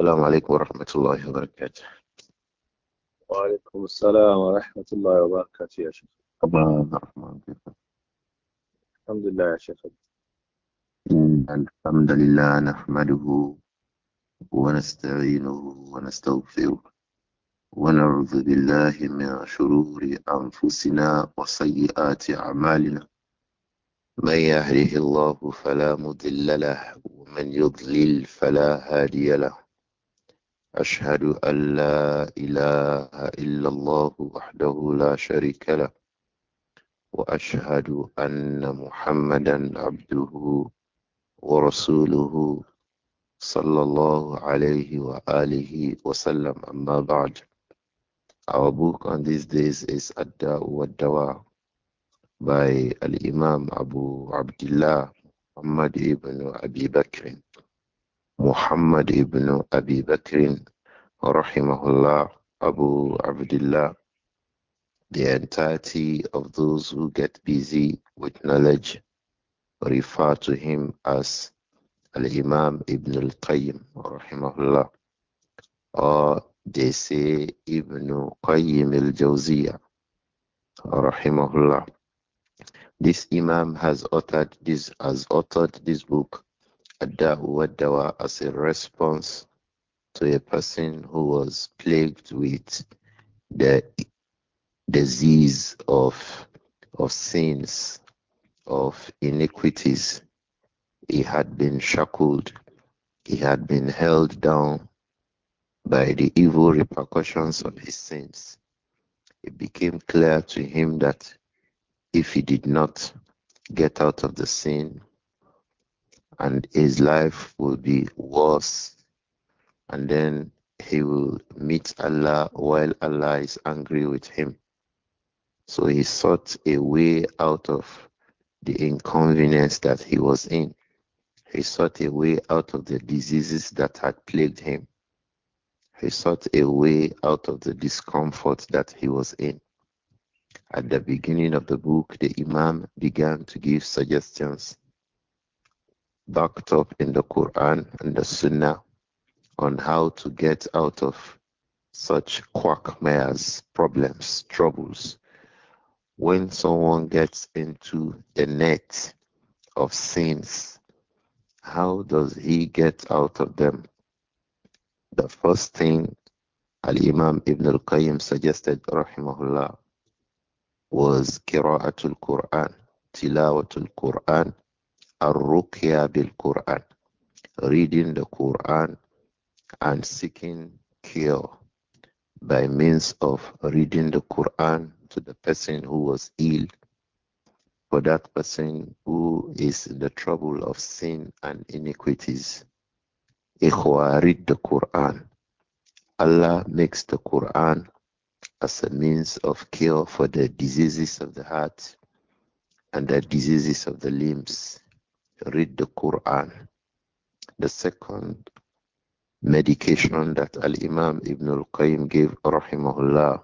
السلام عليكم ورحمة الله وبركاته وعليكم السلام ورحمة الله وبركاته يا شيخ الله الرحمن كيف الحمد لله يا شيخ إن الحمد لله نحمده ونستعينه ونستغفره ونعوذ بالله من شرور أنفسنا وسيئات أعمالنا من يهده الله فلا مضل له ومن يضلل فلا هادي له أشهد أن لا إله إلا الله وحده لا شريك له وأشهد أن محمدا عبده ورسوله صلى الله عليه وآله وسلم أما بعد Our book on these days is Ad-Da'u wa dawa by Al-Imam Abu Abdullah Muhammad ibn Abi Bakr Muhammad ibn Abi Bakr, rahimahullah, Abu Abdullah, the entirety of those who get busy with knowledge refer to him as Al-Imam Ibn Al-Qayyim, rahimahullah, or they say Ibn Qayyim Al-Jawziyah, rahimahullah. This Imam has authored this, has authored this book Adahu as a response to a person who was plagued with the disease of of sins, of iniquities. He had been shackled, he had been held down by the evil repercussions of his sins. It became clear to him that if he did not get out of the sin, and his life will be worse. And then he will meet Allah while Allah is angry with him. So he sought a way out of the inconvenience that he was in. He sought a way out of the diseases that had plagued him. He sought a way out of the discomfort that he was in. At the beginning of the book, the Imam began to give suggestions backed up in the Quran and the Sunnah on how to get out of such quagmires, problems, troubles. When someone gets into the net of sins, how does he get out of them? The first thing Al Imam Ibn Al Qayyim suggested, rahimahullah, was qira'atul Quran, tilawatul Quran, Ar-Ruqya bil-Quran, reading the Quran and seeking cure by means of reading the Quran to the person who was ill, for that person who is in the trouble of sin and iniquities. Ikhwa, read the Quran. Allah makes the Quran as a means of cure for the diseases of the heart and the diseases of the limbs read the Quran. The second medication that Al Imam Ibn Al Qayyim gave, rahimahullah,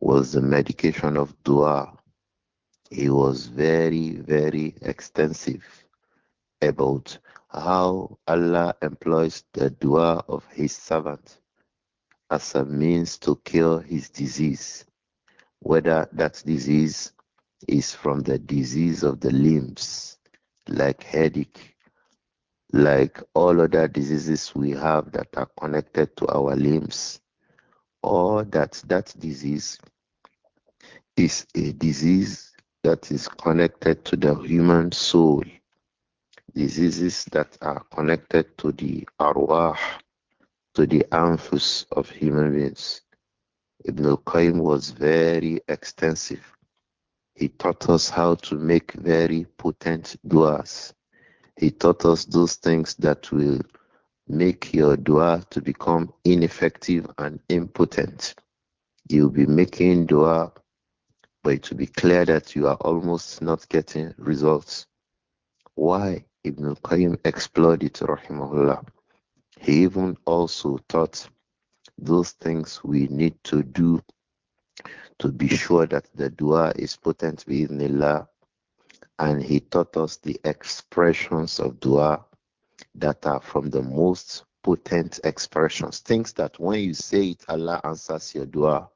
was the medication of dua. He was very, very extensive about how Allah employs the dua of His servant as a means to cure his disease, whether that disease is from the disease of the limbs like headache, like all other diseases we have that are connected to our limbs, or that that disease is a disease that is connected to the human soul, diseases that are connected to the arwah, to the anfus of human beings. Ibn al-Qayyim was very extensive he taught us how to make very potent du'as. He taught us those things that will make your dua to become ineffective and impotent. You'll be making dua, but it will be clear that you are almost not getting results. Why? Ibn Qayyim explored it, rahimahullah. He even also taught those things we need to do to be sure that the dua is potent within Allah. And he taught us the expressions of dua that are from the most potent expressions. Things that when you say it, Allah answers your dua.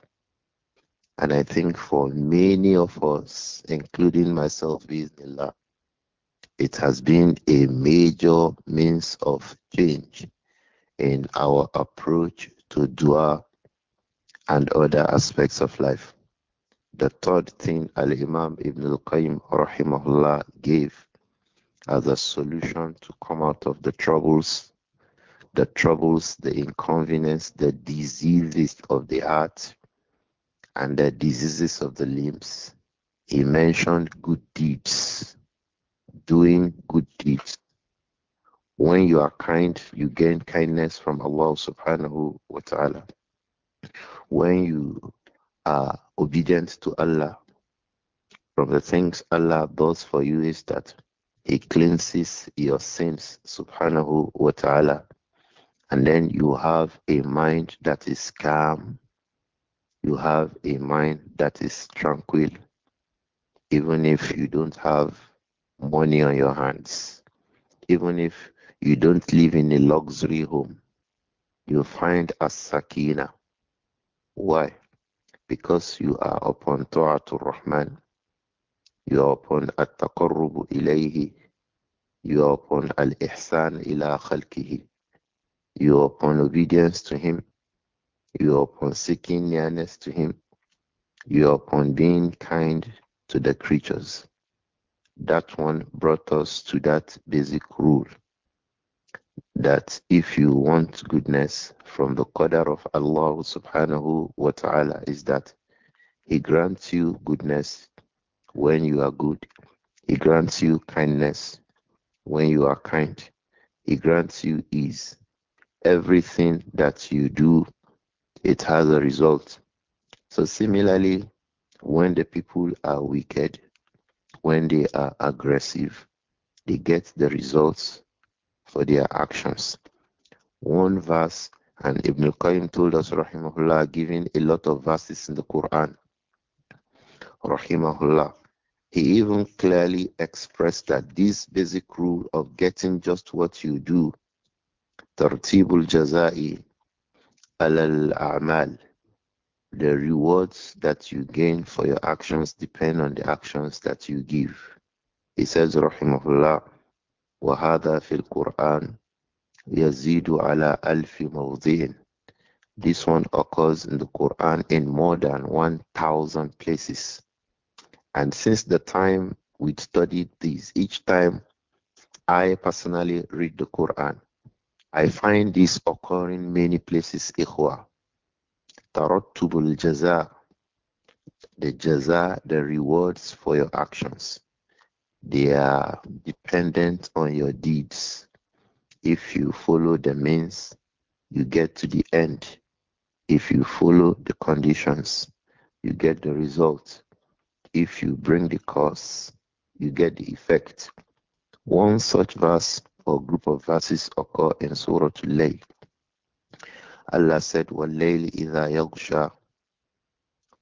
And I think for many of us, including myself, Allah, it has been a major means of change in our approach to dua and other aspects of life. The third thing Al Imam Ibn Al Qayyim rahimahullah gave as a solution to come out of the troubles, the troubles, the inconvenience, the diseases of the heart, and the diseases of the limbs. He mentioned good deeds, doing good deeds. When you are kind, you gain kindness from Allah subhanahu wa ta'ala when you are obedient to Allah, from the things Allah does for you is that He cleanses your sins, subhanahu wa ta'ala. And then you have a mind that is calm, you have a mind that is tranquil, even if you don't have money on your hands, even if you don't live in a luxury home, you find a sakina, why? Because you are upon Ta'atul Rahman, you are upon at taqarrub ilayhi, you are upon Al-Ihsan ila khalkihi, you are upon obedience to Him, you are upon seeking nearness to Him, you are upon being kind to the creatures. That one brought us to that basic rule that if you want goodness from the qadar of Allah subhanahu wa ta'ala is that He grants you goodness when you are good. He grants you kindness when you are kind. He grants you ease. Everything that you do, it has a result. So similarly, when the people are wicked, when they are aggressive, they get the results for their actions. One verse, and Ibn al-Qayyim told us, rahimahullah, giving a lot of verses in the Quran, rahimahullah. He even clearly expressed that this basic rule of getting just what you do, tartibul jazai alal a'mal, the rewards that you gain for your actions depend on the actions that you give. He says, rahimahullah, وهذا في القرآن يزيد على ألف موضع This one occurs in the Quran in more than 1,000 places. And since the time we studied this, each time I personally read the Quran, I find this occurring many places. Ikhwa. Tarattubul jaza. The jaza, the rewards for your actions. They are dependent on your deeds. If you follow the means, you get to the end. If you follow the conditions, you get the result. If you bring the cause, you get the effect. One such verse or group of verses occur in Surah Al-Layl. Allah said, وَاللَّيْلِ إِذَا يَغْشَى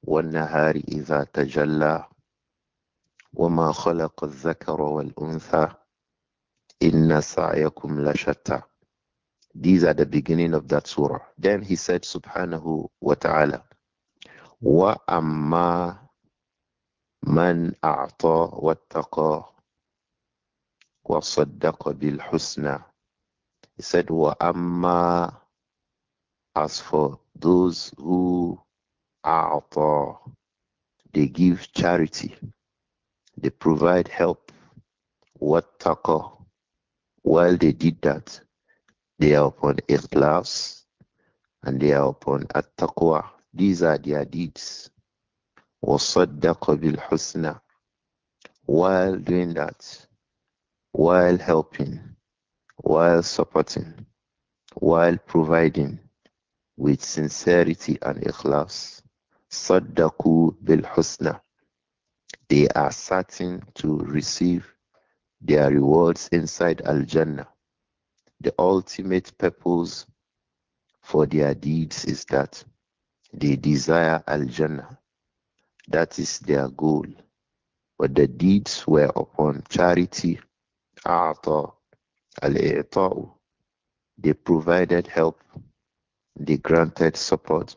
وَالنَّهَارِ إِذَا تَجَلَّى وما خلق الذكر والأنثى إن سعيكم لشتى These are the beginning of that surah. Then he said, Subhanahu wa ta'ala, Wa amma man a'ta wattaqa He said, Wa amma as for those who أَعْطَى they give charity. They provide help. What tackle? While they did that, they are upon ikhlas and they are upon at These are their deeds. وَصَدَّقَ بِالْحُسْنَى While doing that, while helping, while supporting, while providing with sincerity and ikhlas, صَدَّقُوا بِالْحُسْنَى they are certain to receive their rewards inside Al Jannah. The ultimate purpose for their deeds is that they desire Al Jannah. That is their goal. But the deeds were upon charity, a'ata, al-i'ta'u. They provided help, they granted support,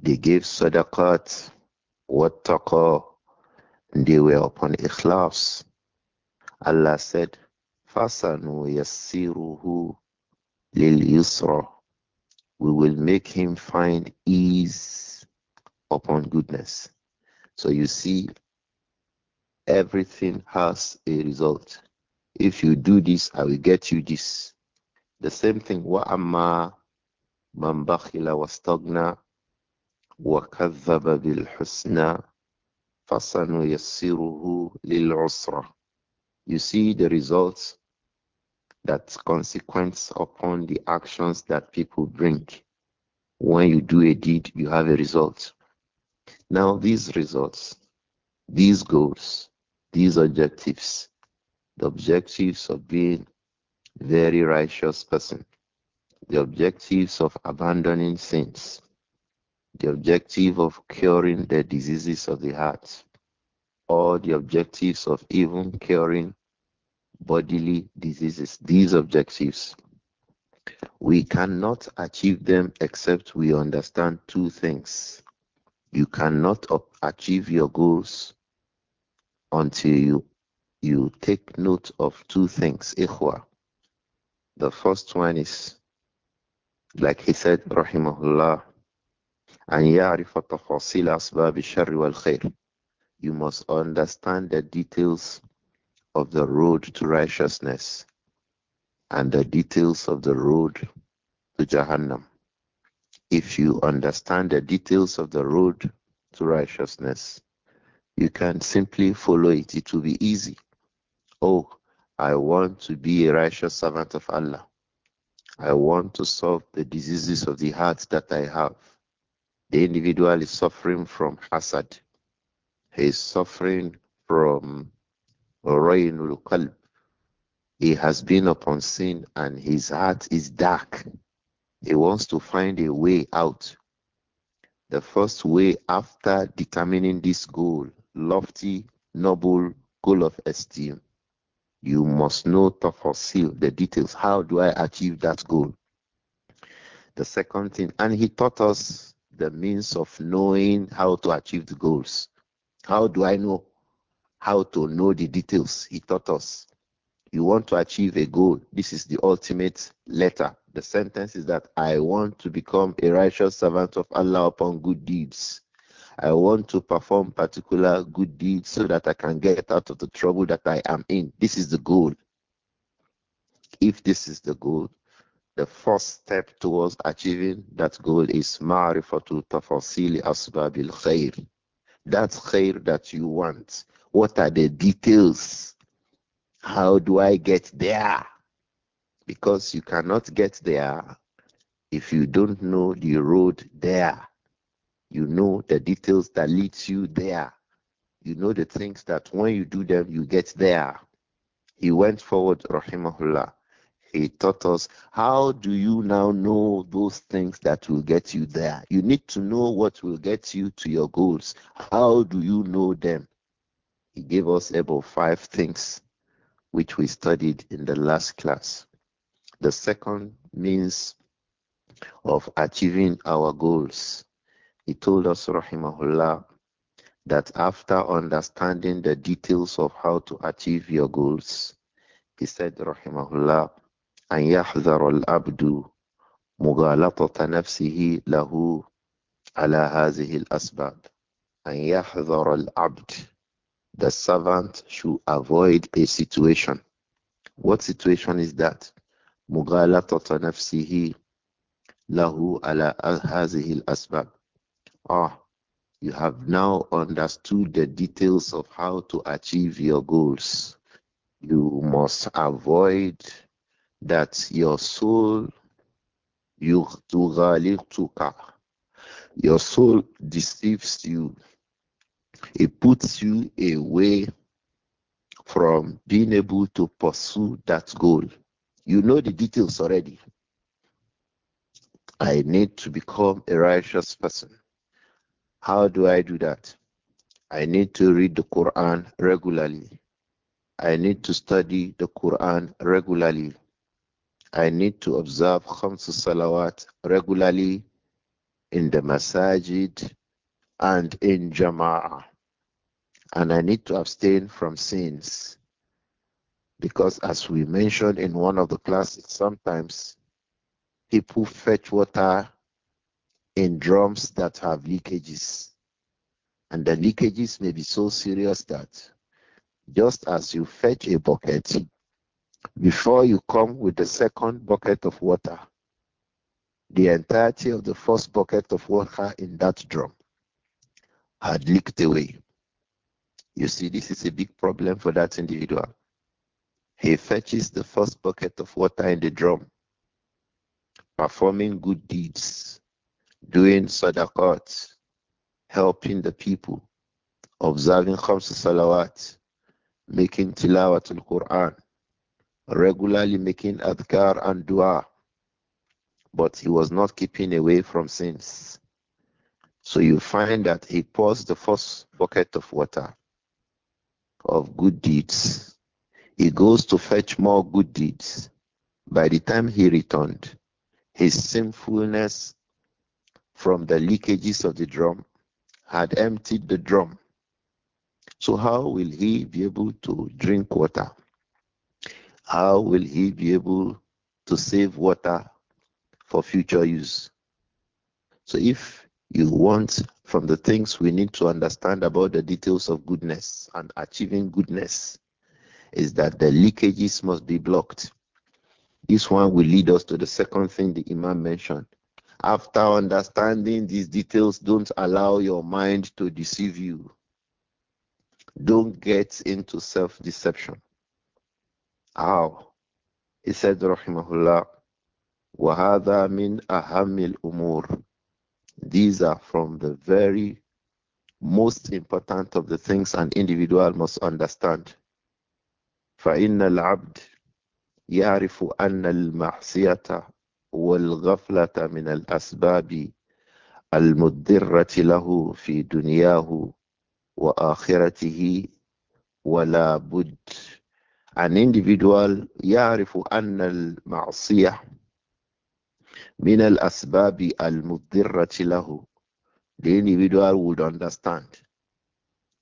they gave sadaqat, wattaqa, they were upon ikhlas. Allah said, Fasanu yassiruhu lil yusra. We will make him find ease upon goodness. So you see, everything has a result. If you do this, I will get you this. The same thing, وَأَمَّا مَنْ بَخِلَ وَاسْتَغْنَى وَكَذَّبَ بِالْحُسْنَى فَسَنُيَسِّرُهُ لِلْعُسْرَةِ You see the results that consequence upon the actions that people bring. When you do a deed, you have a result. Now, these results, these goals, these objectives, the objectives of being very righteous person, the objectives of abandoning sins, the objective of curing the diseases of the heart, or the objectives of even curing bodily diseases. These objectives, we cannot achieve them except we understand two things. You cannot achieve your goals until you, you take note of two things. The first one is, like he said, Rahimahullah, and يعرف تفاصيل أسباب الشر والخير you must understand the details of the road to righteousness and the details of the road to Jahannam. If you understand the details of the road to righteousness, you can simply follow it. It will be easy. Oh, I want to be a righteous servant of Allah. I want to solve the diseases of the heart that I have. The individual is suffering from hasad. He is suffering from raynul qalb. He has been upon sin and his heart is dark. He wants to find a way out. The first way after determining this goal, lofty, noble goal of esteem, you must know to fulfill the details. How do I achieve that goal? The second thing, and he taught us the means of knowing how to achieve the goals. How do I know how to know the details? He taught us. You want to achieve a goal. This is the ultimate letter. The sentence is that I want to become a righteous servant of Allah upon good deeds. I want to perform particular good deeds so that I can get out of the trouble that I am in. This is the goal. If this is the goal, the first step towards achieving that goal is ma'rifatu tafasili asbabil khair. That khair that you want. What are the details? How do I get there? Because you cannot get there if you don't know the road there. You know the details that leads you there. You know the things that when you do them, you get there. He went forward, rahimahullah he taught us how do you now know those things that will get you there? You need to know what will get you to your goals. How do you know them? He gave us about five things which we studied in the last class. The second means of achieving our goals. He told us, Rahimahullah, that after understanding the details of how to achieve your goals, he said, Rahimahullah, أن يحذر العبد مغالطة نفسه له على هذه الأسباب أن يحذر العبد the servant should avoid a situation what situation is that مغالطة نفسه له على هذه الأسباب ah you have now understood the details of how to achieve your goals you must avoid that your soul يغتغالقك your soul deceives you it puts you away from being able to pursue that goal you know the details already i need to become a righteous person how do i do that i need to read the quran regularly i need to study the quran regularly I need to observe Khamsu Salawat regularly in the Masajid and in Jama'ah. And I need to abstain from sins. Because as we mentioned in one of the classes, sometimes people fetch water in drums that have leakages. And the leakages may be so serious that just as you fetch a bucket, before you come with the second bucket of water, the entirety of the first bucket of water in that drum had leaked away. You see, this is a big problem for that individual. He fetches the first bucket of water in the drum, performing good deeds, doing sadaqat, helping the people, observing khams salawat, making tilawatul Quran, regularly making adhkar and dua, but he was not keeping away from sins. So you find that he pours the first bucket of water of good deeds. He goes to fetch more good deeds. By the time he returned, his sinfulness from the leakages of the drum had emptied the drum. So, how will he be able to drink water? How will he be able to save water for future use? So, if you want from the things we need to understand about the details of goodness and achieving goodness, is that the leakages must be blocked. This one will lead us to the second thing the Imam mentioned. After understanding these details, don't allow your mind to deceive you. Don't get into self deception. How? He said, Rahimahullah, وَهَذَا مِنْ أَهَمِّ الْأُمُورِ These are from the very most important of the things an individual must understand. فَإِنَّ الْعَبْدِ يَعْرِفُ أَنَّ الْمَعْصِيَةَ وَالْغَفْلَةَ مِنَ الْأَسْبَابِ الْمُدِّرَّةِ لَهُ فِي دُنْيَاهُ وَآخِرَتِهِ وَلَا بُدْ an individual يعرف أن المعصية من الأسباب المضرة له the individual would understand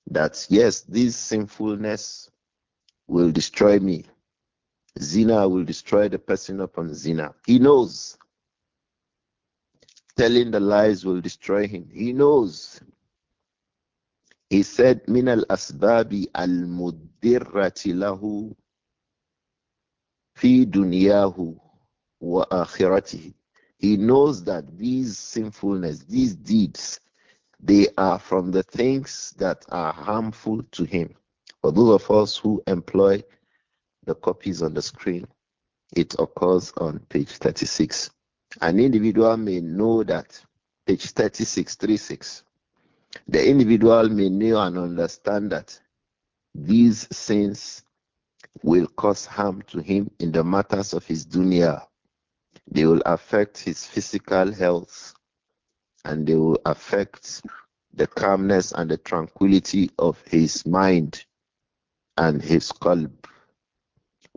that yes this sinfulness will destroy me zina will destroy the person upon zina he knows telling the lies will destroy him he knows he said min al asbabi al mudirrati lahu fi dunyahu wa akhiratihi. He knows that these sinfulness, these deeds, they are from the things that are harmful to him. For those of us who employ the copies on the screen, it occurs on page 36. An individual may know that, page 36, 36. The individual may know and understand that these sins will cause harm to him in the matters of his dunya. They will affect his physical health and they will affect the calmness and the tranquility of his mind and his qalb.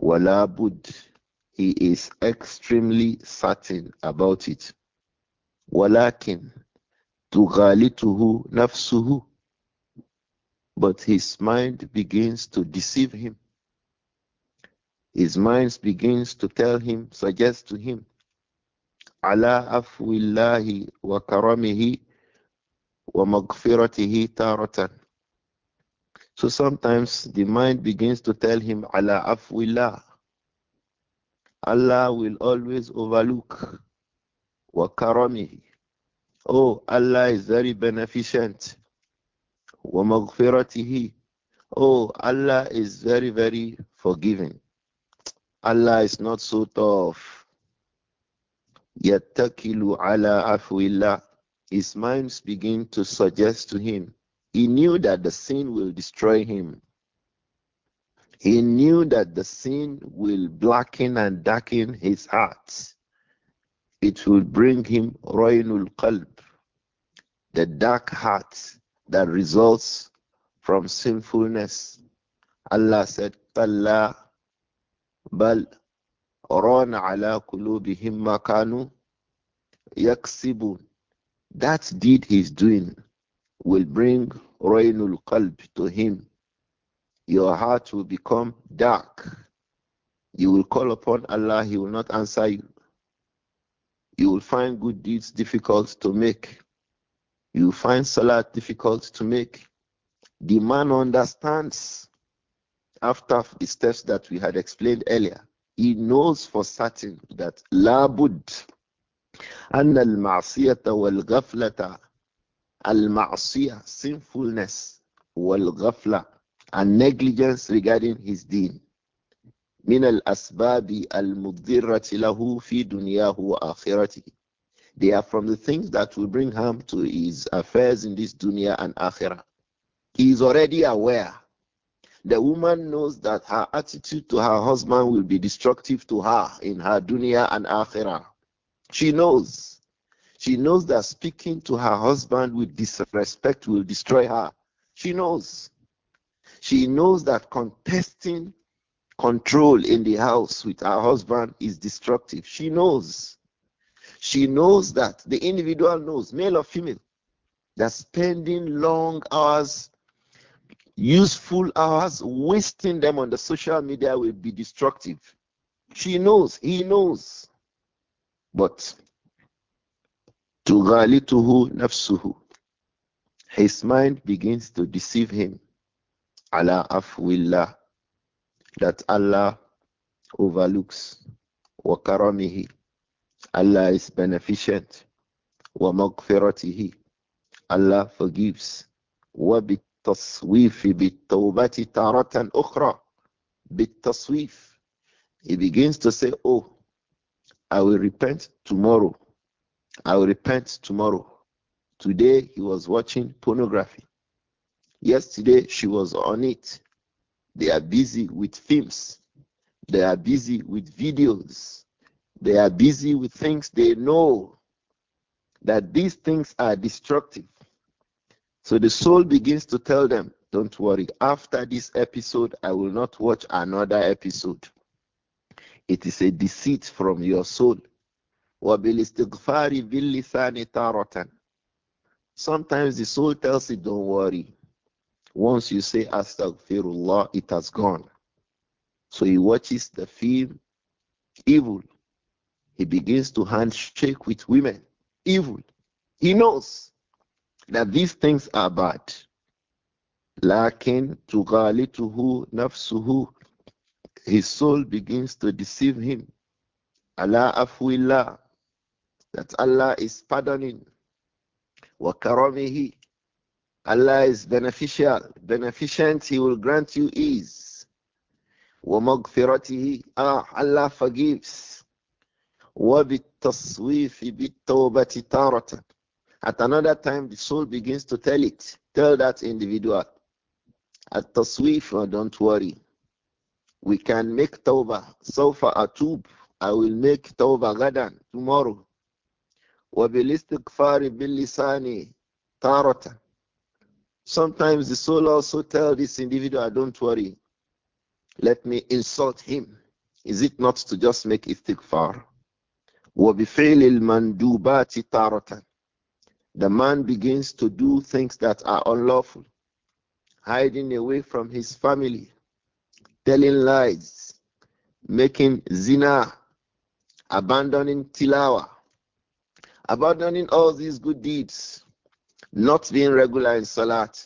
Walabud, he is extremely certain about it. Walakin, tughalituhu nafsuhu. But his mind begins to deceive him his mind begins to tell him, suggest to him, Allah afwillahi wa karamihi wa magfiratihi taratan. So sometimes the mind begins to tell him, Allah afwillah. Allah will always overlook wa karamihi. Oh, Allah is very beneficent. Wa magfiratihi. Oh, Allah is very, very forgiving. Allah is not so tough. Yattakilu ala afwillah. His minds begin to suggest to him. He knew that the sin will destroy him. He knew that the sin will blacken and darken his heart. It will bring him ruinul qalb, the dark heart that results from sinfulness. Allah said, Allah بل ران على قلوبهم ما كانوا يكسبون that deed he's doing will bring rainul qalb to him your heart will become dark you will call upon Allah he will not answer you you will find good deeds difficult to make you will find salah difficult to make the man understands after the steps that we had explained earlier, he knows for certain that labud أن المعصية والغفلة المعصية sinfulness والغفلة and negligence regarding his deen من الأسباب المضرة له في دنياه وآخرته They are from the things that will bring harm to his affairs in this dunya and akhirah. He is already aware the woman knows that her attitude to her husband will be destructive to her in her dunya and akhirah. She knows. She knows that speaking to her husband with disrespect will destroy her. She knows. She knows that contesting control in the house with her husband is destructive. She knows. She knows that the individual knows, male or female, that spending long hours useful hours, wasting them on the social media will be destructive. She knows, he knows. But tughalituhu nafsuhu. His mind begins to deceive him. Allah afwillah. That Allah overlooks. Wa karamihi. Allah is beneficent. Wa maghfiratihi. Allah forgives. Wa bi التصويف بالتوبة تارة أخرى بالتصويف he begins to say oh I will repent tomorrow I will repent tomorrow today he was watching pornography yesterday she was on it they are busy with films they are busy with videos they are busy with things they know that these things are destructive so the soul begins to tell them, don't worry, after this episode, I will not watch another episode. It is a deceit from your soul. Sometimes the soul tells it, don't worry. Once you say astaghfirullah, it has gone. So he watches the film, evil. He begins to handshake with women, evil. He knows that these things are bad. Lakin tughalituhu nafsuhu. His soul begins to deceive him. Allah afwillah. That Allah is pardoning. Wa karamihi. Allah is beneficial. Beneficent, He will grant you ease. Wa maghfiratihi. Ah, Allah forgives. Wa bit taswifi at another time, the soul begins to tell it, tell that individual, at taswif, uh, don't worry. We can make tawbah. Sawfa atub. I will make tawbah gadan, tomorrow. وبالاستغفار باللسان تارة. Sometimes the soul also tells this individual, don't worry. Let me insult him. Is it not to just make istighfar? وبفعل المندوبات تارة the man begins to do things that are unlawful, hiding away from his family, telling lies, making zina, abandoning tilawa, abandoning all these good deeds, not being regular in salat.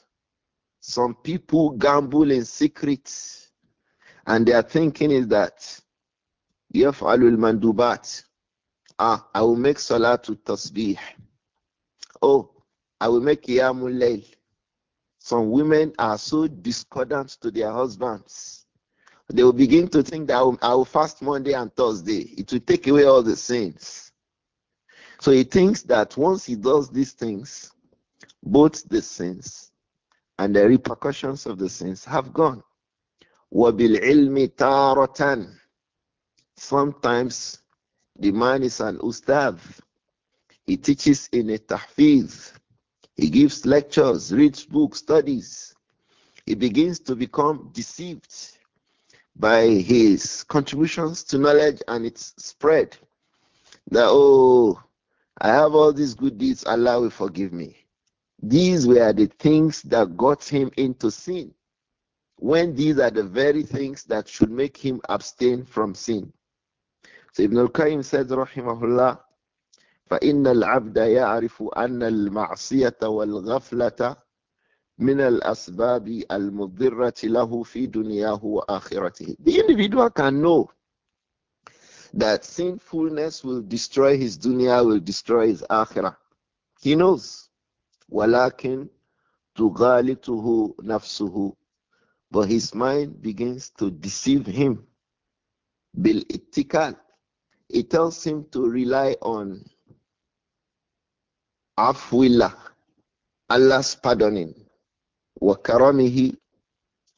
Some people gamble in secret, and their thinking is that, يفعل المندوبات. Ah, I will make salat to tasbih oh, I will make Qiyamul Some women are so discordant to their husbands. They will begin to think that I will, fast Monday and Thursday. It will take away all the sins. So he thinks that once he does these things, both the sins and the repercussions of the sins have gone. Wabil ilmi taratan. Sometimes the man is an ustav. He teaches in a tahfiz. He gives lectures, reads books, studies. He begins to become deceived by his contributions to knowledge and its spread. That, oh, I have all these good deeds, Allah will forgive me. These were the things that got him into sin. When these are the very things that should make him abstain from sin. So Ibn al-Qayyim said, Rahimahullah, فإن العبد يعرف أن المعصية والغفلة من الأسباب المضرة له في دنياه وآخرته. The individual can know that sinfulness will destroy his dunya, will destroy his akhirah. He knows. ولكن تغالطه نفسه but his mind begins to deceive him بالاتكال it tells him to rely on Afwillah, Allah's pardoning, wa karamihi,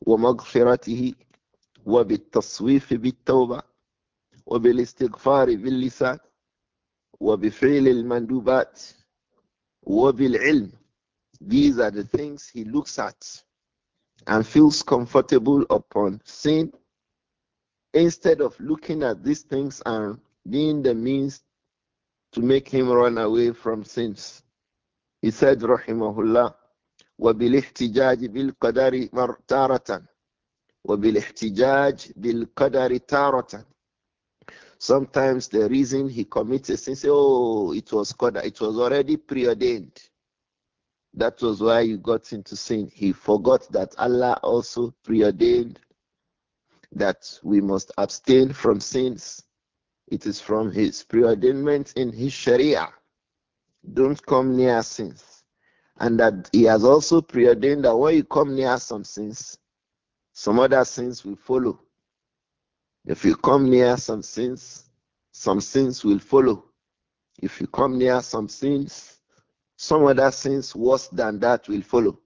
wa maghfiratihi, wa بالتصويف بالتوبة وبالاستغفار باللسان وبفعل المندوبات وبالعلم These are the things he looks at and feels comfortable upon seeing instead of looking at these things and being the means to make him run away from sins. He said, Rahimahullah, وبالاحتجاج بالقدر تارة وبالاحتجاج بالقدر تارة Sometimes the reason he commits a sin, say, oh, it was qadar, it was already preordained. That was why you got into sin. He forgot that Allah also preordained that we must abstain from sins it is from his preordainment in his Sharia. Don't come near sins. And that he has also preordained that when you come near some sins, some other sins will follow. If you come near some sins, some sins will follow. If you come near some sins, some other sins worse than that will follow.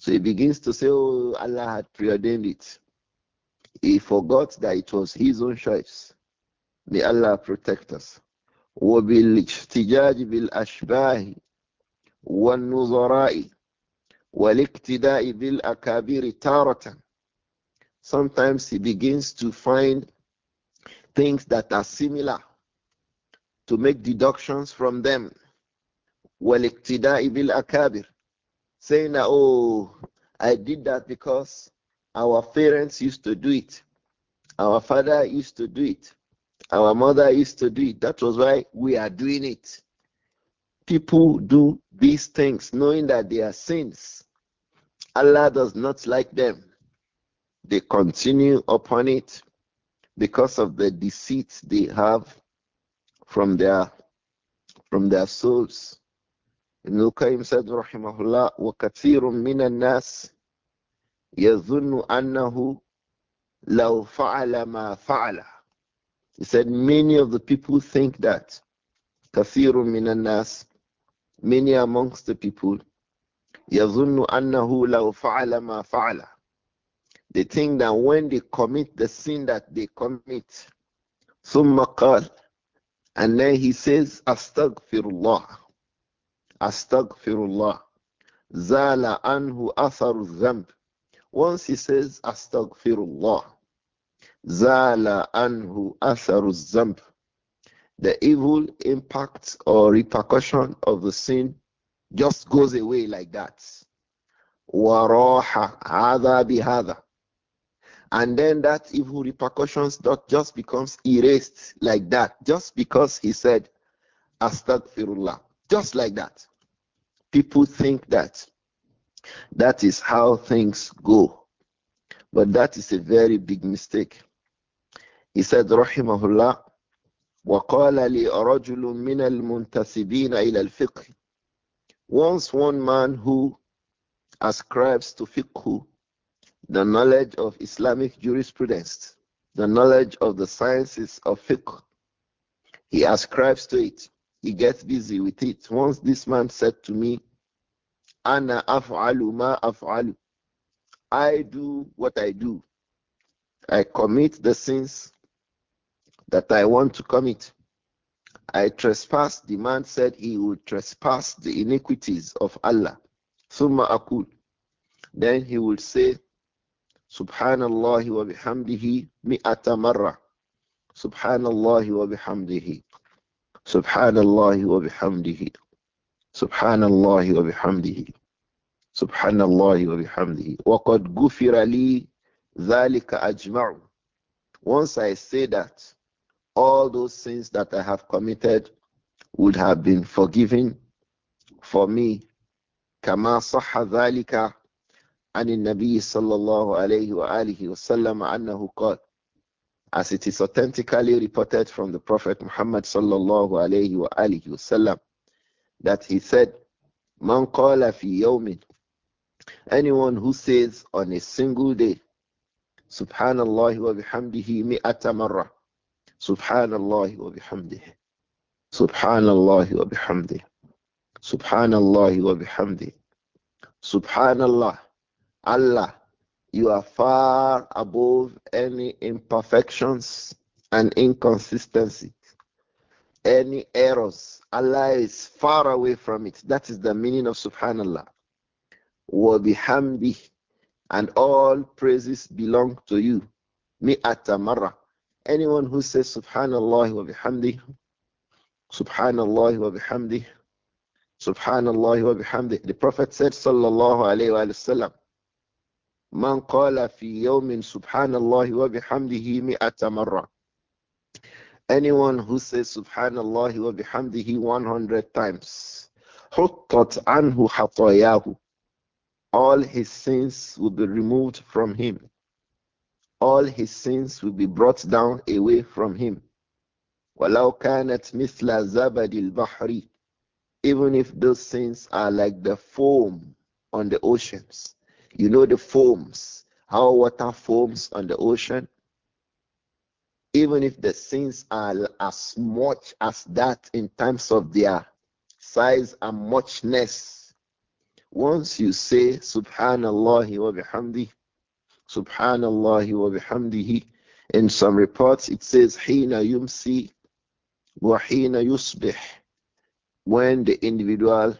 So he begins to say, Oh, Allah had preordained it. He forgot that it was his own choice. May Allah protect us. وبالاحتجاج بالأشباه والنظراء والاقتداء بالأكابر تارة Sometimes he begins to find things that are similar to make deductions from them. والاقتداء بالأكابر Saying that, oh, I did that because our parents used to do it. Our father used to do it. Our mother used to do it. That was why we are doing it. People do these things knowing that they are sins. Allah does not like them. They continue upon it because of the deceit they have from their from their souls. Ibn Qayyim said, Rahimahullah, وَكَثِيرٌ مِّنَ النَّاسِ يَظُنُّ أَنَّهُ لَوْ فَعَلَ مَا فَعَلَ he said, Many of the people think that. kafiru minan nas, many amongst the people, yazunnu annahu law fa'ala ma fa'ala. They think that when they commit the sin that they commit, thumma qal, and then he says, astaghfirullah, astaghfirullah, zala anhu atharu dhanb. Once he says, astaghfirullah, Zala anhu atharu zamb. The evil impact or repercussion of the sin just goes away like that. Waraha hadha bihadha. And then that evil repercussions just becomes erased like that, just because he said, Astagfirullah. Just like that. People think that. That is how things go. But that is a very big mistake. He said, Rahimahullah, وقال لي رجل من المنتسبين إلى الفقه Once one man who ascribes to fiqh the knowledge of Islamic jurisprudence, the knowledge of the sciences of fiqh, he ascribes to it. He gets busy with it. Once this man said to me, Ana af'alu ma af'alu. I do what I do. I commit the sins that I want to commit. I trespass. The man said he would trespass the iniquities of Allah. akul. Then he would say, Subhanallah wa bihamdihi mi'ata marra. Subhanallah wa bihamdihi. Subhanallah wa bihamdihi. Subhanallah wa bihamdihi. Subhanallah wa bihamdihi. Waqad gufira li dhalika ajma'u. Once I say that, all those sins that I have committed would have been forgiven for me. كما صح ذلك عن النبي صلى الله عليه وآله وسلم أنه قال as it is authentically reported from the Prophet Muhammad sallallahu alayhi wa alihi wasallam, that he said, Man qala fi yawmin, anyone who says on a single day, Subhanallah wa bihamdihi mi'ata marra, Subhanallah wa bihamdih. Subhanallah wa bihamdih. Subhanallah wa bihamdih. Subhanallah. Allah, you are far above any imperfections and inconsistency, any errors. Allah is far away from it. That is the meaning of Subhanallah. Wa bihamdih. And all praises belong to you. Mi'ata Anyone who says Subhanallah wa bihamdi, Subhanallah wa bihamdi, Subhanallah wa bihamdi, the Prophet said Sallallahu alayhi wa sallam, Man qala fi يوم Subhanallah wa وبحمده مئة مرة Anyone who says Subhanallah wa bihamdihi 100 times, حطت anhu hatayahu. all his sins will be removed from him all his sins will be brought down away from him. وَلَوْ كَانَتْ مِثْلَ زَبَدِ الْبَحْرِ Even if those sins are like the foam on the oceans. You know the foams, how water foams on the ocean? Even if the sins are as much as that in terms of their size and muchness, once you say Subhanallah wa bihamdi, Subhanallah wa bihamdihi. In some reports, it says, Hina yumsi wa hina yusbih. When the individual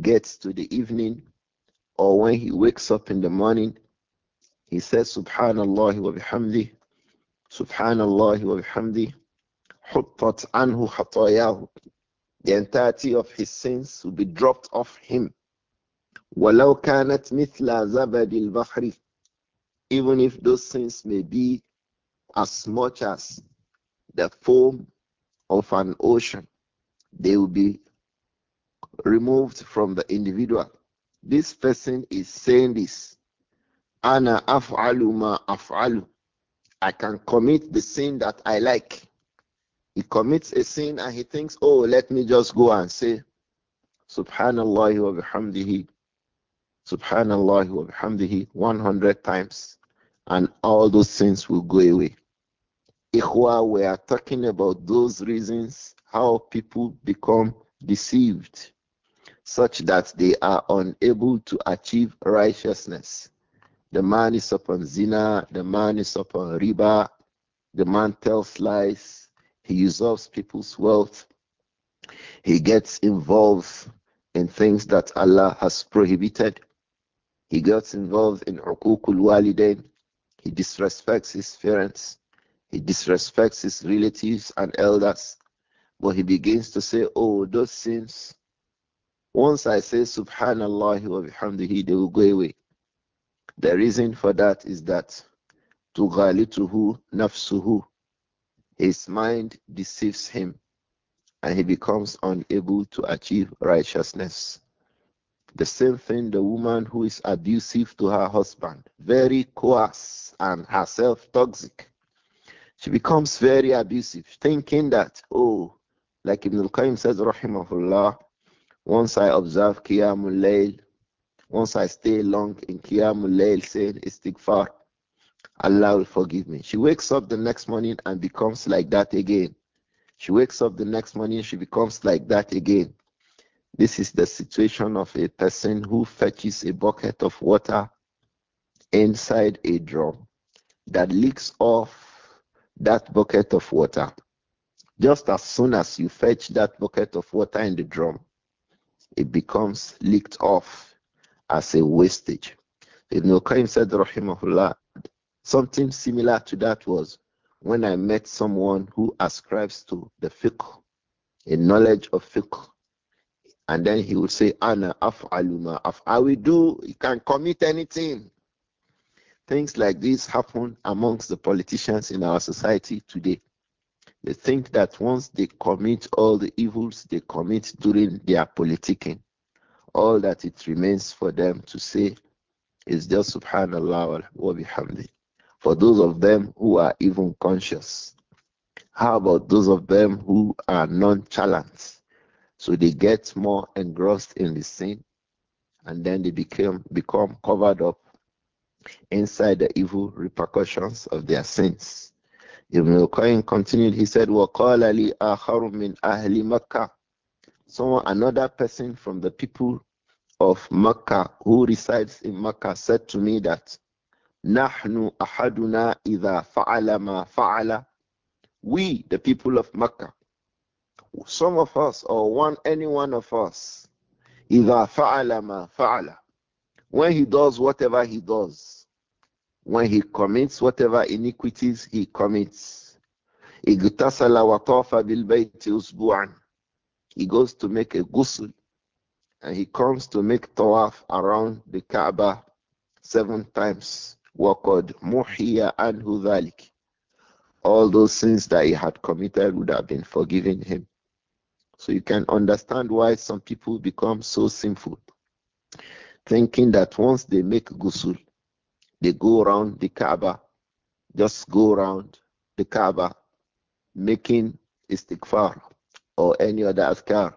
gets to the evening or when he wakes up in the morning, he says, Subhanallah wa bihamdi." Subhanallah wa bihamdi. Huttat anhu hatayahu. The entirety of his sins will be dropped off him. ولو كانت مثل زبد البحر even if those sins may be as much as the foam of an ocean, they will be removed from the individual. This person is saying this. Ana af'alu ma af'alu. I can commit the sin that I like. He commits a sin and he thinks, oh, let me just go and say, Subhanallah wa bihamdihi subhanallah wa bihamdihi 100 times and all those sins will go away. Ikhwa, we are talking about those reasons how people become deceived such that they are unable to achieve righteousness. The man is upon zina, the man is upon riba, the man tells lies, he usurps people's wealth, he gets involved in things that Allah has prohibited he gets involved in uqukul walidain. He disrespects his parents. He disrespects his relatives and elders. But he begins to say, oh, those sins. Once I say subhanallah wa bihamdihi, they will go away. The reason for that is that tughalituhu nafsuhu. His mind deceives him and he becomes unable to achieve righteousness. The same thing the woman who is abusive to her husband, very coarse and herself toxic. She becomes very abusive, thinking that, oh, like Ibn al-Qayyim says, rahimahullah, once I observe Qiyamul Layl, once I stay long in Qiyamul Layl saying istighfar, Allah will forgive me. She wakes up the next morning and becomes like that again. She wakes up the next morning, she becomes like that again. This is the situation of a person who fetches a bucket of water inside a drum that leaks off that bucket of water. Just as soon as you fetch that bucket of water in the drum, it becomes leaked off as a wastage. Ibn Qayyim said, Rahimahullah, something similar to that was when I met someone who ascribes to the fiqh, a knowledge of fiqh, and then he would say, Ana af aluma af. I will do, you can commit anything. Things like this happen amongst the politicians in our society today. They think that once they commit all the evils they commit during their politicking, all that it remains for them to say is just subhanallah wa bihamdi. For those of them who are even conscious, how about those of them who are nonchalant? So they get more engrossed in the sin and then they become become covered up inside the evil repercussions of their sins. Ibn al-Qayyim continued, he said, وَقَالَ لِي آخَرٌ مِّنْ al مَكَّةِ Someone, another person from the people of Makkah who resides in Makkah said to me that Nahnu ahaduna إذا fa'ala ما We, the people of Makkah, some of us or one any one of us إذا فعل ما فعل when he does whatever he does when he commits whatever iniquities he commits he goes to make a ghusl and he comes to make tawaf around the Kaaba seven times وقد محي and ذلك all those sins that he had committed would have been forgiven him so you can understand why some people become so sinful, thinking that once they make ghusl, they go around the Kaaba, just go around the Kaaba, making istighfar or any other askar.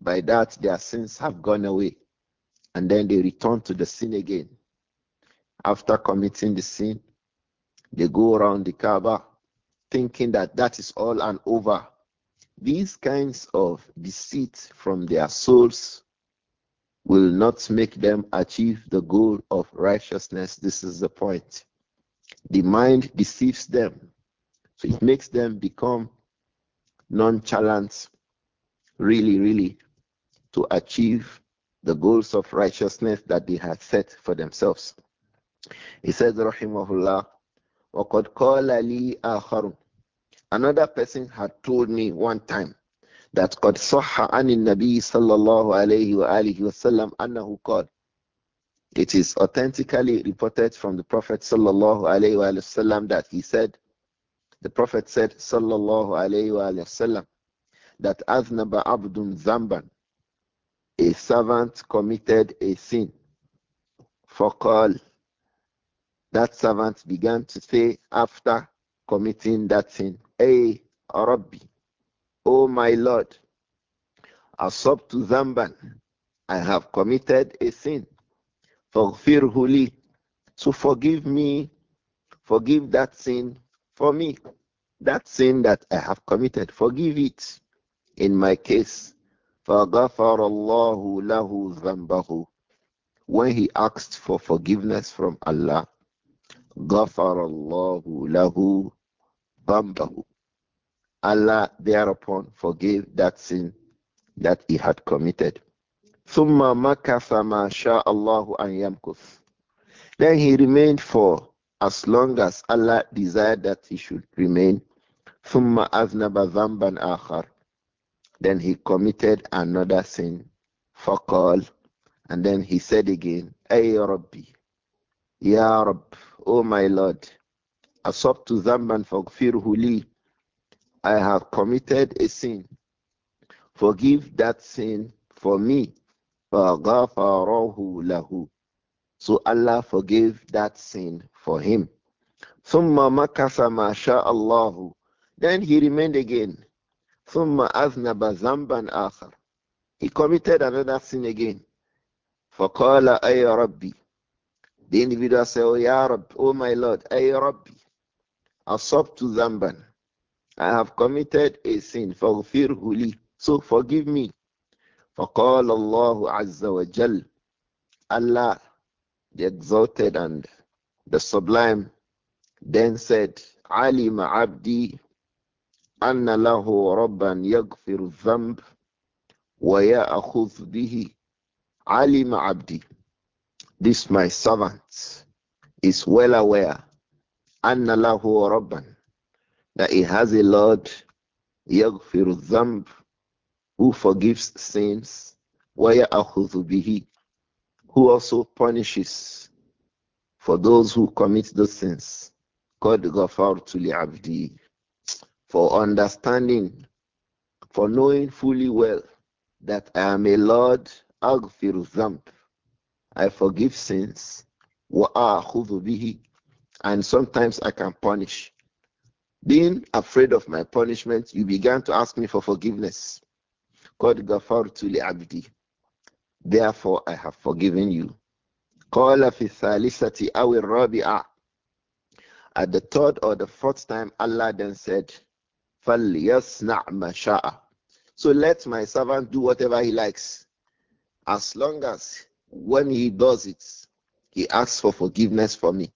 By that, their sins have gone away, and then they return to the sin again. After committing the sin, they go around the Kaaba, thinking that that is all and over these kinds of deceit from their souls will not make them achieve the goal of righteousness. This is the point. The mind deceives them, so it makes them become nonchalant, really, really, to achieve the goals of righteousness that they have set for themselves. He says, Rahimahullah, وَقَدْ قَالَ لِي آخَرٌ Another person had told me one time that قد صح عن النبي صلى الله عليه وآله وسلم أنه قال It is authentically reported from the Prophet صلى الله عليه وآله وسلم that he said The Prophet said صلى الله عليه وآله وسلم that أذنب عبد ذنبا A servant committed a sin فقال That servant began to say after committing that sin a Rabbi, O my Lord, Asabtu Zamban, I have committed a sin. Faghfirhu li, so forgive me, forgive that sin for me. That sin that I have committed, forgive it. In my case, فَغَفَرَ اللَّهُ لَهُ ذَنْبَهُ When he asked for forgiveness from Allah, غَفَرَ اللَّهُ لَهُ ذَنْبَهُ Allah thereupon forgave that sin that he had committed. Then he remained for as long as Allah desired that he should remain. Then he committed another sin. for call, And then he said again, أَيْ Rabbi, Ya Rabb, O my Lord, to zamban فَاغْفِرْهُ لِي I have committed a sin. Forgive that sin for me. lahu. So Allah forgave that sin for him. Allahu. Then he remained again. zamban He committed another sin again. Faqala Rabbi. The individual said, Oh Ya Rabbi, Oh my Lord, ay Rabbi. Asab to zamban. I have committed a sin. فَغْفِرْهُ لِي So forgive me. فَقَالَ اللَّهُ عَزَّ وَجَلَّ Allah, the exalted and the sublime, then said, عَلِمَ عَبْدِي أَنَّ لَهُ رَبًّا يَغْفِرُ الذَّنْبَ وَيَأْخُذْ بِهِ عَلِمَ عَبْدِي This my servant is well aware أَنَّ لَهُ رَبًّا that He has a Lord, يغفر الذنب, who forgives sins, ويأخذ به, who also punishes for those who commit those sins. God غفرت Abdi for understanding, for knowing fully well that I am a Lord, أغفر الذنب, I forgive sins, وأخذ به, and sometimes I can punish. Being afraid of my punishment, you began to ask me for forgiveness. God gafartu li abdi. Therefore, I have forgiven you. At the third or the fourth time, Allah then said, So let my servant do whatever he likes. As long as when he does it, he asks for forgiveness for me.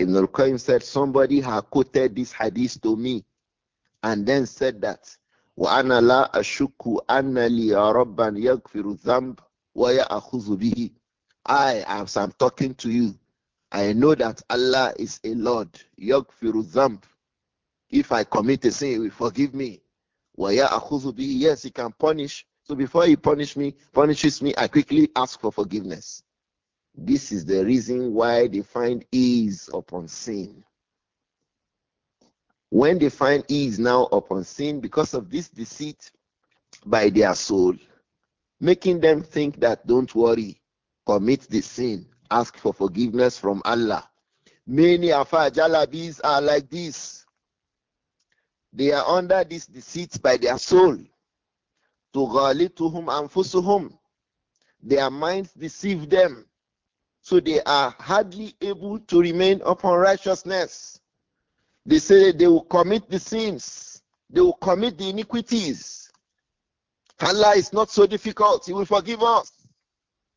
Ibn al-Qayyim said, somebody had quoted this hadith to me and then said that, وَأَنَا لَا أَشُكُّ أَنَّ لِيَ رَبًّا يَغْفِرُ الذَّنْبَ وَيَأْخُذُ بِهِ I, as I'm talking to you, I know that Allah is a Lord. يَغْفِرُ الذَّنْبَ If I commit a sin, He will forgive me. وَيَأْخُذُ بِهِ Yes, He can punish. So before He punish me, punishes me, I quickly ask for forgiveness. This is the reason why they find ease upon sin. When they find ease now upon sin because of this deceit by their soul, making them think that don't worry, commit the sin, ask for forgiveness from Allah. Many of our jalabis are like this. They are under this deceit by their soul. To whom and Their minds deceive them. So they are hardly able to remain upon righteousness. They say they will commit the sins, they will commit the iniquities. Allah is not so difficult, He will forgive us.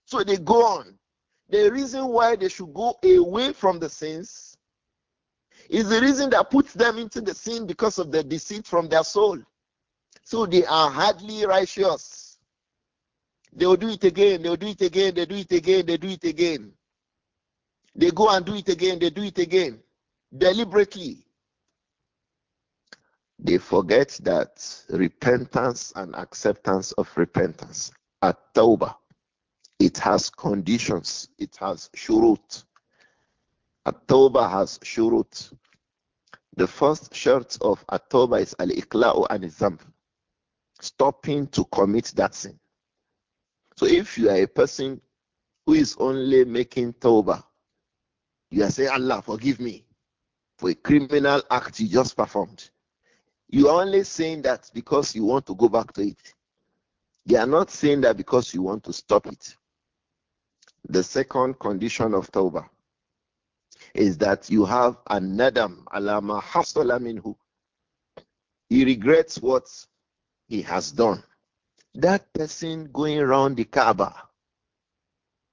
So they go on. The reason why they should go away from the sins is the reason that puts them into the sin because of the deceit from their soul. So they are hardly righteous. They'll do it again, they'll do it again, they do it again, they do it again. They go and do it again, they do it again, deliberately. They forget that repentance and acceptance of repentance at Tawbah, it has conditions, it has shurut. At Tawbah has shurut. The first shirt of at Tawbah is al iqla'u an example, stopping to commit that sin. So if you are a person who is only making tawbah you are saying, Allah, forgive me for a criminal act you just performed. You are only saying that because you want to go back to it. You are not saying that because you want to stop it. The second condition of Tawbah is that you have an nadam alama hasala minhu. He regrets what he has done. That person going around the Kaaba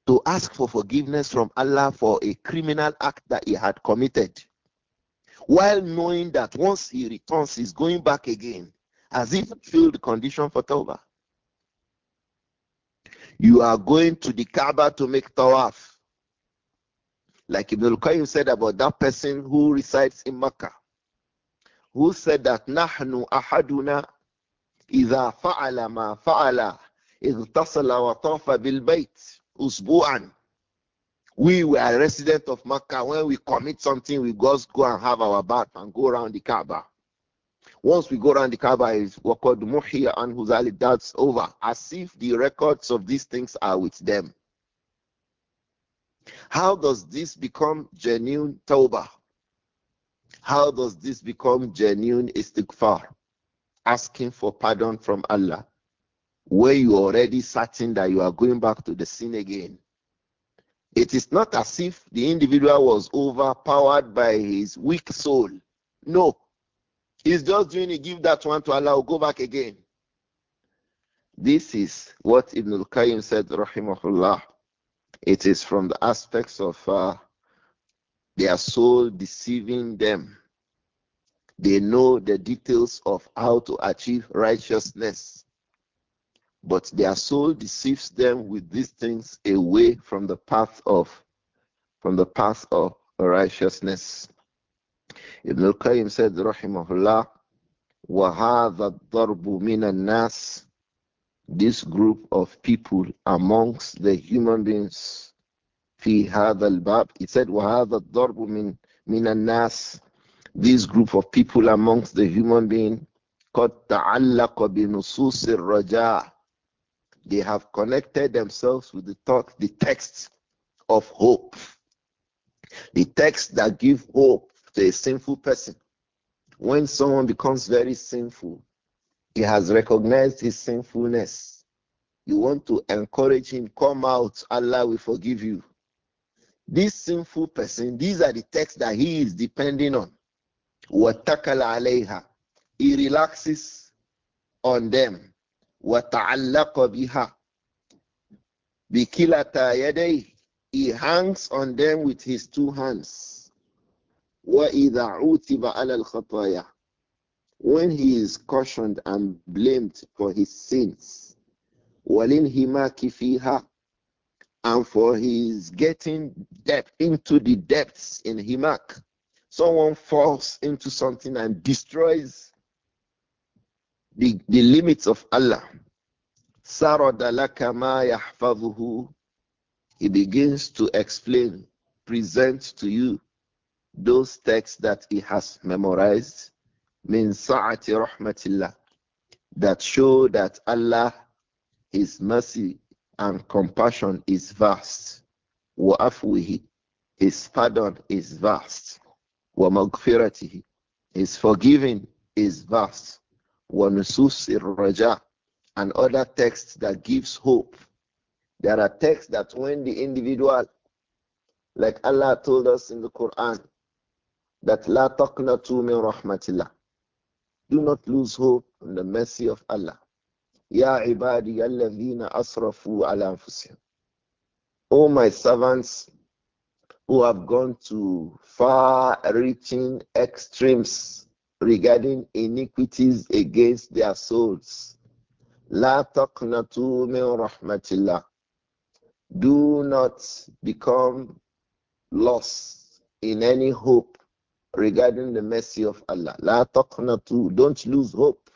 to ask for forgiveness from Allah for a criminal act that he had committed, while knowing that once he returns, he's going back again, as if fulfilled the condition for Tawbah. You are going to the Kaaba to make Tawaf. Like Ibn al-Qayyim said about that person who resides in Makkah, who said that Nahnu ahaduna إذا فعل ما فعل اغتسل وطاف بالبيت usbu'an. We were a resident of Makkah. When we commit something, we just go and have our bath and go around the Kaaba. Once we go around the Kaaba, it's called Muhiya and Huzali. That's over. As if the records of these things are with them. How does this become genuine tawbah? How does this become genuine istighfar? Asking for pardon from Allah where you already certain that you are going back to the sin again. It is not as if the individual was overpowered by his weak soul. No. He's just doing it, give that one to Allah, go back again. This is what Ibn al Qayyim said, Rahimahullah. It is from the aspects of uh, their soul deceiving them. They know the details of how to achieve righteousness but their soul deceives them with these things away from the path of from the path of righteousness. Ibn al-Qayyim said, Rahimahullah, وَهَذَا Darbu مِنَ nas." This group of people amongst the human beings, had al bab. he said, وَهَذَا الضَّرْبُ min مِنَ nas." This group of people amongst the human being, قَدْ تَعَلَّقَ بِنُصُوصِ الرَّجَاءِ they have connected themselves with the thought, the text of hope. The text that give hope to a sinful person. When someone becomes very sinful, he has recognized his sinfulness. You want to encourage him, come out, Allah will forgive you. This sinful person, these are the texts that he is depending on. Watakala alayha. He relaxes on them. وَتَعَلَّقَ بِهَا بِكِلَةَ يَدَيْهِ He hangs on them with his two hands. وَإِذَا عُوتِبَ عَلَى الْخَطَايَا When he is cautioned and blamed for his sins. وَلِنْهِمَاكِ فِيهَا and for his getting deep into the depths in Himak. Someone falls into something and destroys the, the limits of Allah. He begins to explain, present to you those texts that he has memorized min rahmatillah that show that Allah his mercy and compassion is vast wa afwihi his pardon is vast wa maghfiratihi his forgiving is vast وَنُسُوسِ Raja, and other texts that gives hope. There are texts that when the individual, like Allah told us in the Quran, that لَا تَقْنَتُوا مِنْ رَحْمَةِ اللَّهِ Do not lose hope in the mercy of Allah. يَا عِبَادِيَ الَّذِينَ أَصْرَفُوا عَلَى أَنفُسِهِمْ O my servants who have gone to far-reaching extremes regarding iniquities against their souls. La taqnatu min rahmatillah. Do not become lost in any hope regarding the mercy of Allah. La taqnatu. Don't lose hope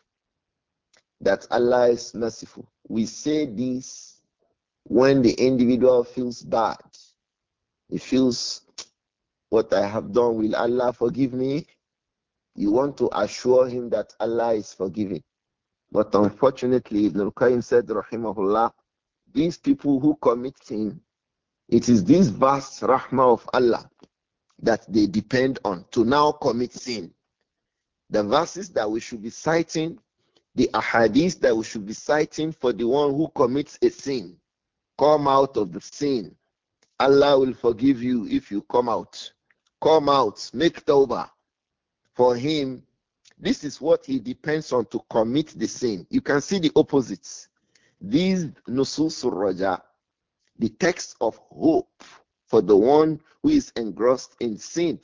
that Allah is merciful. We say this when the individual feels bad. He feels what I have done, will Allah forgive me? You want to assure him that Allah is forgiving. But unfortunately, Ibn Qayyim said, Rahimahullah, these people who commit sin, it is this vast rahmah of Allah that they depend on to now commit sin. The verses that we should be citing, the ahadith that we should be citing for the one who commits a sin, come out of the sin. Allah will forgive you if you come out. Come out, make tawbah for him, this is what he depends on to commit the sin. You can see the opposites. These nusus raja, the text of hope for the one who is engrossed in sin,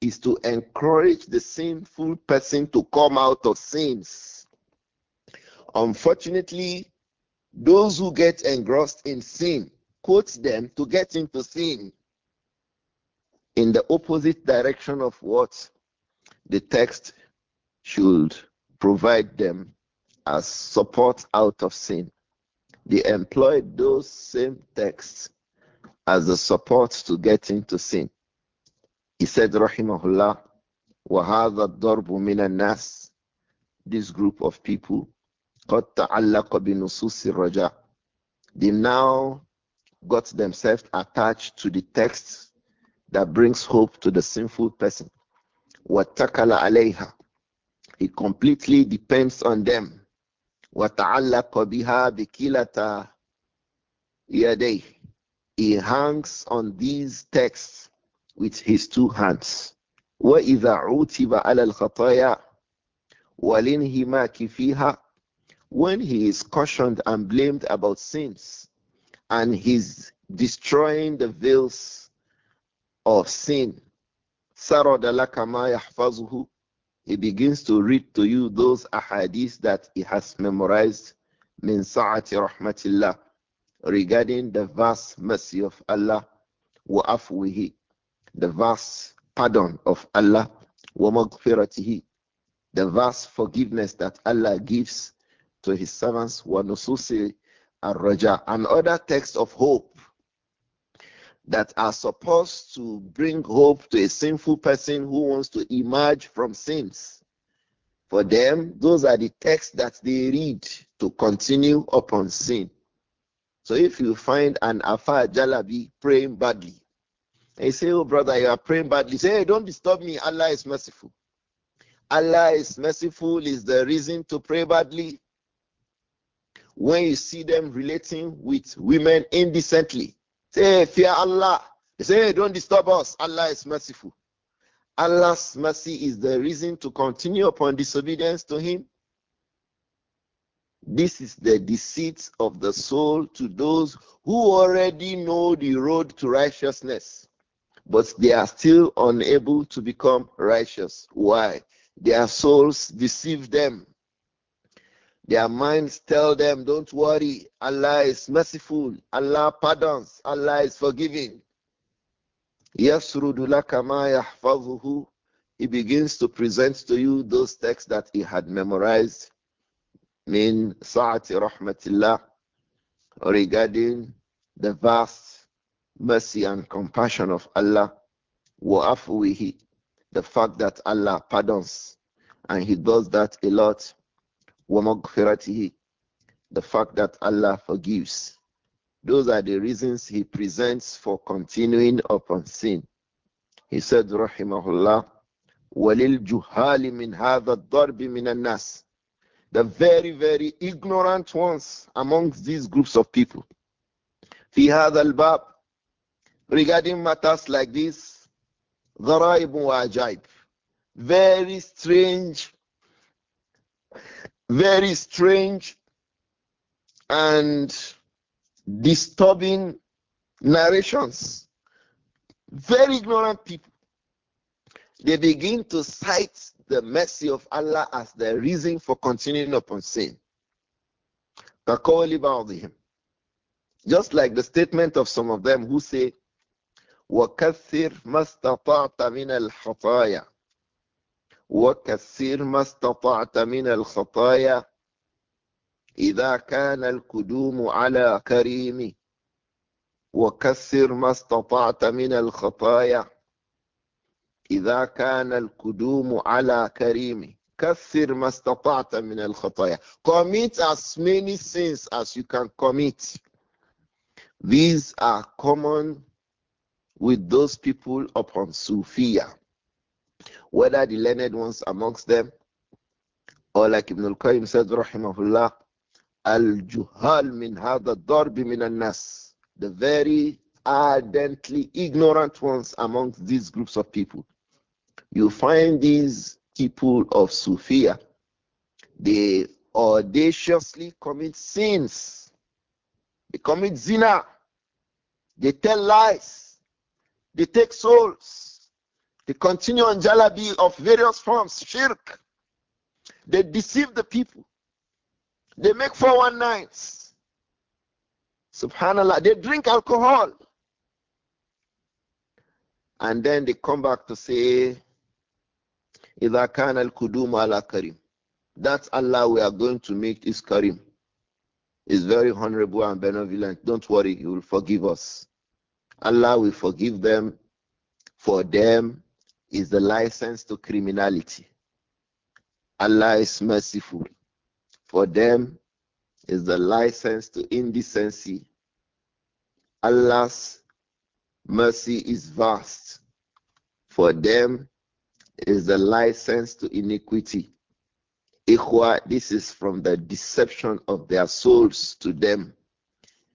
is to encourage the sinful person to come out of sins. Unfortunately, those who get engrossed in sin quotes them to get into sin in the opposite direction of what the text should provide them as support out of sin. They employed those same texts as a support to get into sin. He said, Rahimahullah, وَهَذَا الضَّرْبُ مِنَ النَّاسِ This group of people, قَدْ تَعَلَّقَ بِنُصُوصِ الرَّجَاءِ They now got themselves attached to the text that brings hope to the sinful person. وَاتَّكَلَ alayha. It completely depends on them. وَتَعَلَّقَ بِهَا بِكِلَةَ يَدَيْهِ He hangs on these texts with his two hands. وَإِذَا عُوتِبَ عَلَى الْخَطَايَا وَلِنْهِمَاكِ فِيهَا When he is cautioned and blamed about sins and he's destroying the veils of sin Sarada lakama yahfazuhu. He begins to read to you those ahadith that he has memorized min sa'ati rahmatillah regarding the vast mercy of Allah wa afwihi, the vast pardon of Allah wa maghfiratihi, the vast forgiveness that Allah gives to his servants wa nususi ar-raja and other texts of hope that are supposed to bring hope to a sinful person who wants to emerge from sins. For them, those are the texts that they read to continue upon sin. So if you find an Afar Jalabi praying badly, and you say, Oh, brother, you are praying badly, say, Hey, don't disturb me. Allah is merciful. Allah is merciful is the reason to pray badly. When you see them relating with women indecently, Say, fear Allah. They say, hey, don't disturb us. Allah is merciful. Allah's mercy is the reason to continue upon disobedience to Him. This is the deceit of the soul to those who already know the road to righteousness, but they are still unable to become righteous. Why? Their souls deceive them. Their minds tell them, don't worry, Allah is merciful, Allah pardons, Allah is forgiving. He begins to present to you those texts that he had memorized min sa'ati rahmatillah regarding the vast mercy and compassion of Allah wa afwihi the fact that Allah pardons and he does that a lot the fact that Allah forgives. Those are the reasons he presents for continuing upon sin. He said, Rahimahullah, وَلِلْجُهَالِ مِنْ هَذَا الضَّرْبِ مِنَ nas The very, very ignorant ones amongst these groups of people. Fi هَذَا bab Regarding matters like this, wa وَعَجَائِبٌ Very strange very strange and disturbing narrations. Very ignorant people. They begin to cite the mercy of Allah as the reason for continuing upon sin. Just like the statement of some of them who say, وَكَثِّرْ مَا اسْتَطَعْتَ مِنَ الْخَطَايَا وكثر ما استطعت من الخطايا إذا كان القدوم على كريم وكثر ما استطعت من الخطايا إذا كان القدوم على كريم كثر ما استطعت من الخطايا commit as many sins as you can commit these are common with those people upon Sufiyah whether the learned ones amongst them, or like Ibn al-Qayyim said, rahimahullah, al-juhal min hada darbi min al-nas, the very ardently ignorant ones amongst these groups of people. You find these people of Sufia, they audaciously commit sins. They commit zina. They tell lies. They take souls they continue on jalabi of various forms, shirk. They deceive the people. They make 419s. Subhanallah. They drink alcohol. And then they come back to say, إِذَا كَانَ الْكُدُومُ عَلَى كَرِيمٍ That's Allah we are going to make is Karim. Is very honorable and benevolent. Don't worry, He will forgive us. Allah will forgive them for them is the license to criminality. Allah is merciful. For them is the license to indecency. Allah's mercy is vast. For them is the license to iniquity. Ikhwa, this is from the deception of their souls to them.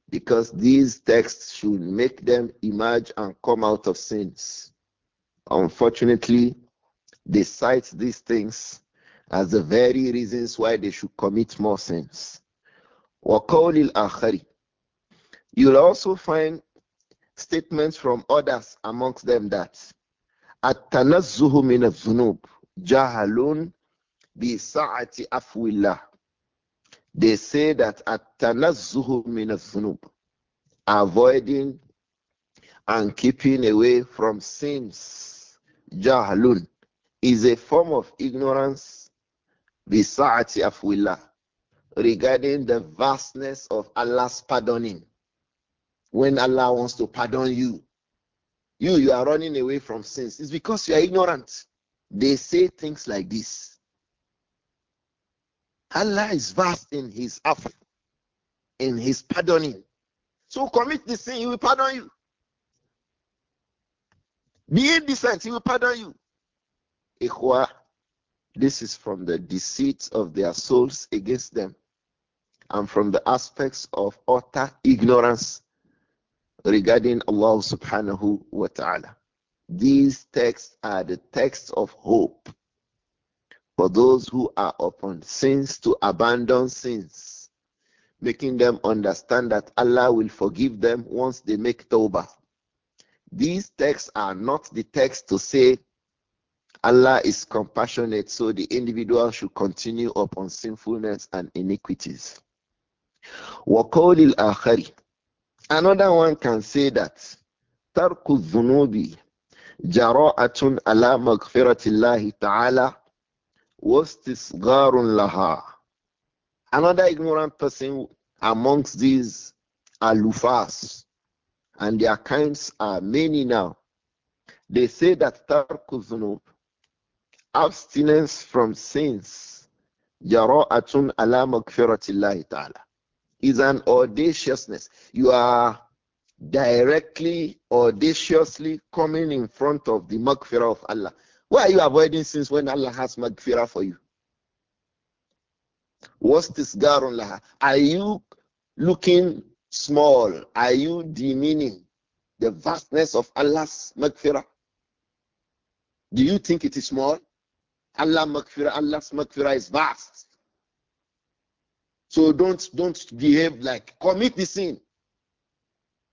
Because these texts should make them emerge and come out of sins. Unfortunately, they cite these things as the very reasons why they should commit more sins. الْآخَرِ You'll also find statements from others amongst them that التنزه mina الذنوب jahalun bi sa'ati الله They say that التنزه mina الذنوب avoiding and keeping away from sins jahlun is a form of ignorance bisa'ati afwillah regarding the vastness of Allah's pardoning. When Allah wants to pardon you, you you are running away from sins. It's because you are ignorant. They say things like this. Allah is vast in His aff, in His pardoning. So commit the sin, He will pardon you. Be indecent, he will pardon you. Ikhwa, this is from the deceit of their souls against them and from the aspects of utter ignorance regarding Allah subhanahu wa ta'ala. These texts are the texts of hope for those who are upon sins to abandon sins, making them understand that Allah will forgive them once they make tawbah. These texts are not the texts to say Allah is compassionate, so the individual should continue upon sinfulness and iniquities. Another one can say that تَرْكُ الذُّنُوبِ جَرَاءَةٌ عَلَى مَغْفِرَةِ اللَّهِ تَعَالَى وَاسْتِصْغَارٌ لَهَا Another ignorant person amongst these alufas and their kinds are many now. They say that tarkuzunub, abstinence from sins, jara'atun atun ta'ala, is an audaciousness. You are directly, audaciously coming in front of the magfirah of Allah. Why are you avoiding sins when Allah has magfirah for you? What's this garun laha? Are you looking small are you demeaning the vastness of Allah's maghfirah? Do you think it is small? Allah maghfirah, Allah's maghfirah is vast. So don't don't behave like commit the sin.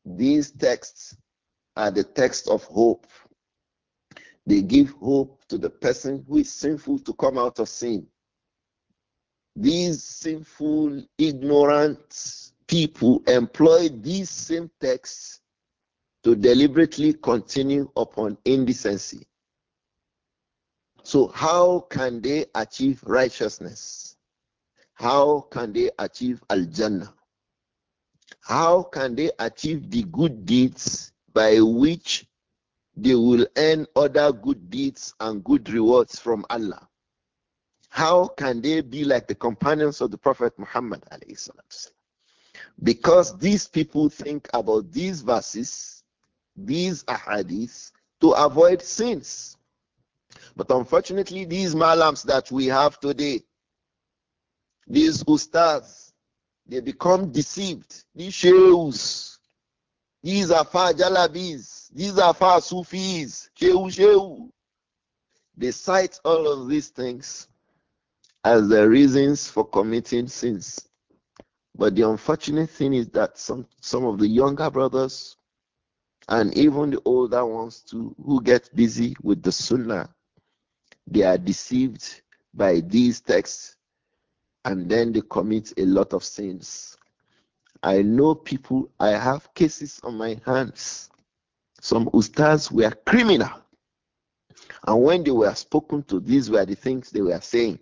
These texts are the texts of hope. They give hope to the person who is sinful to come out of sin. These sinful, ignorant, people employ these same texts to deliberately continue upon indecency. So, how can they achieve righteousness? How can they achieve Al Jannah? How can they achieve the good deeds by which they will earn other good deeds and good rewards from Allah? How can they be like the companions of the Prophet Muhammad? A.s. Because these people think about these verses, these ahadith, to avoid sins. But unfortunately, these malams that we have today, these ustas, they become deceived. These shehus, these afar jalabis, these afar sufis, shehu shehu. They cite all of these things as the reasons for committing sins. But the unfortunate thing is that some, some of the younger brothers and even the older ones too, who get busy with the sunnah, they are deceived by these texts and then they commit a lot of sins. I know people, I have cases on my hands. Some ustas were criminal. And when they were spoken to, these were the things they were saying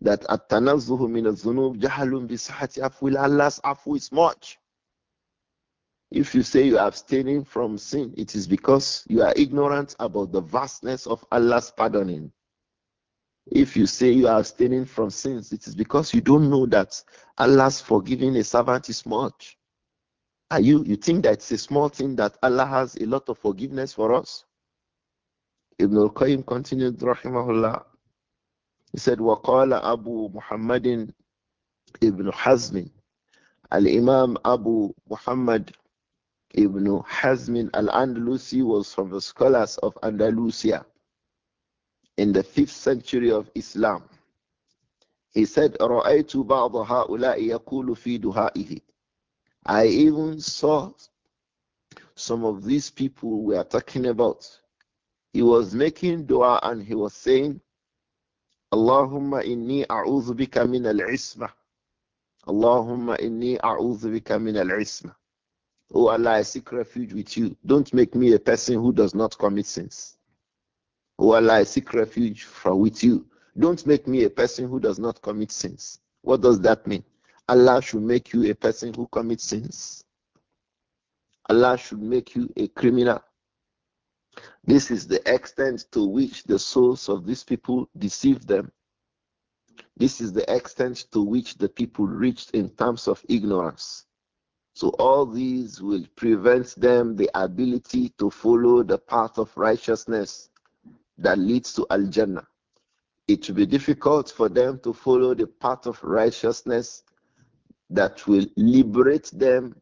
that at mina zunub jahalum dhunub jahlun bi Allah's afu is much. If you say you are abstaining from sin, it is because you are ignorant about the vastness of Allah's pardoning. If you say you are abstaining from sins, it is because you don't know that Allah's forgiving a servant is much. Are you you think that it's a small thing that Allah has a lot of forgiveness for us? Ibn al-Qayyim continued, rahimahullah, he said, وَقَالَ أَبُو مُحَمَّدٍ ibn Hazm. Al-Imam Abu Muhammad ibn Hazm al-Andalusi was from the scholars of Andalusia in the 5th century of Islam. He said, رَأَيْتُ بَعْضَ هَؤُلَاءِ يَقُولُ فِي دُهَائِهِ I even saw some of these people we are talking about. He was making dua and he was saying, Allahumma inni a'udhu bika min al-isma. Allahumma inni a'udhu bika min al-isma. Oh Allah, I seek refuge with you. Don't make me a person who does not commit sins. Oh Allah, I seek refuge from with you. Don't make me a person who does not commit sins. What does that mean? Allah should make you a person who commits sins. Allah should make you a criminal. This is the extent to which the souls of these people deceive them. This is the extent to which the people reached in terms of ignorance. So all these will prevent them the ability to follow the path of righteousness that leads to Al Jannah. It will be difficult for them to follow the path of righteousness that will liberate them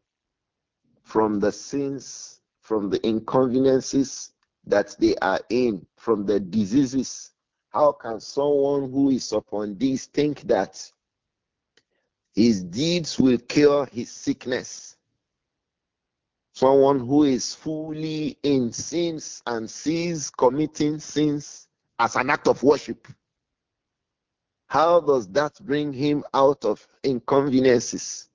from the sins, from the inconveniences that they are in from the diseases. How can someone who is upon this think that his deeds will cure his sickness? Someone who is fully in sins and sees committing sins as an act of worship. How does that bring him out of inconveniences?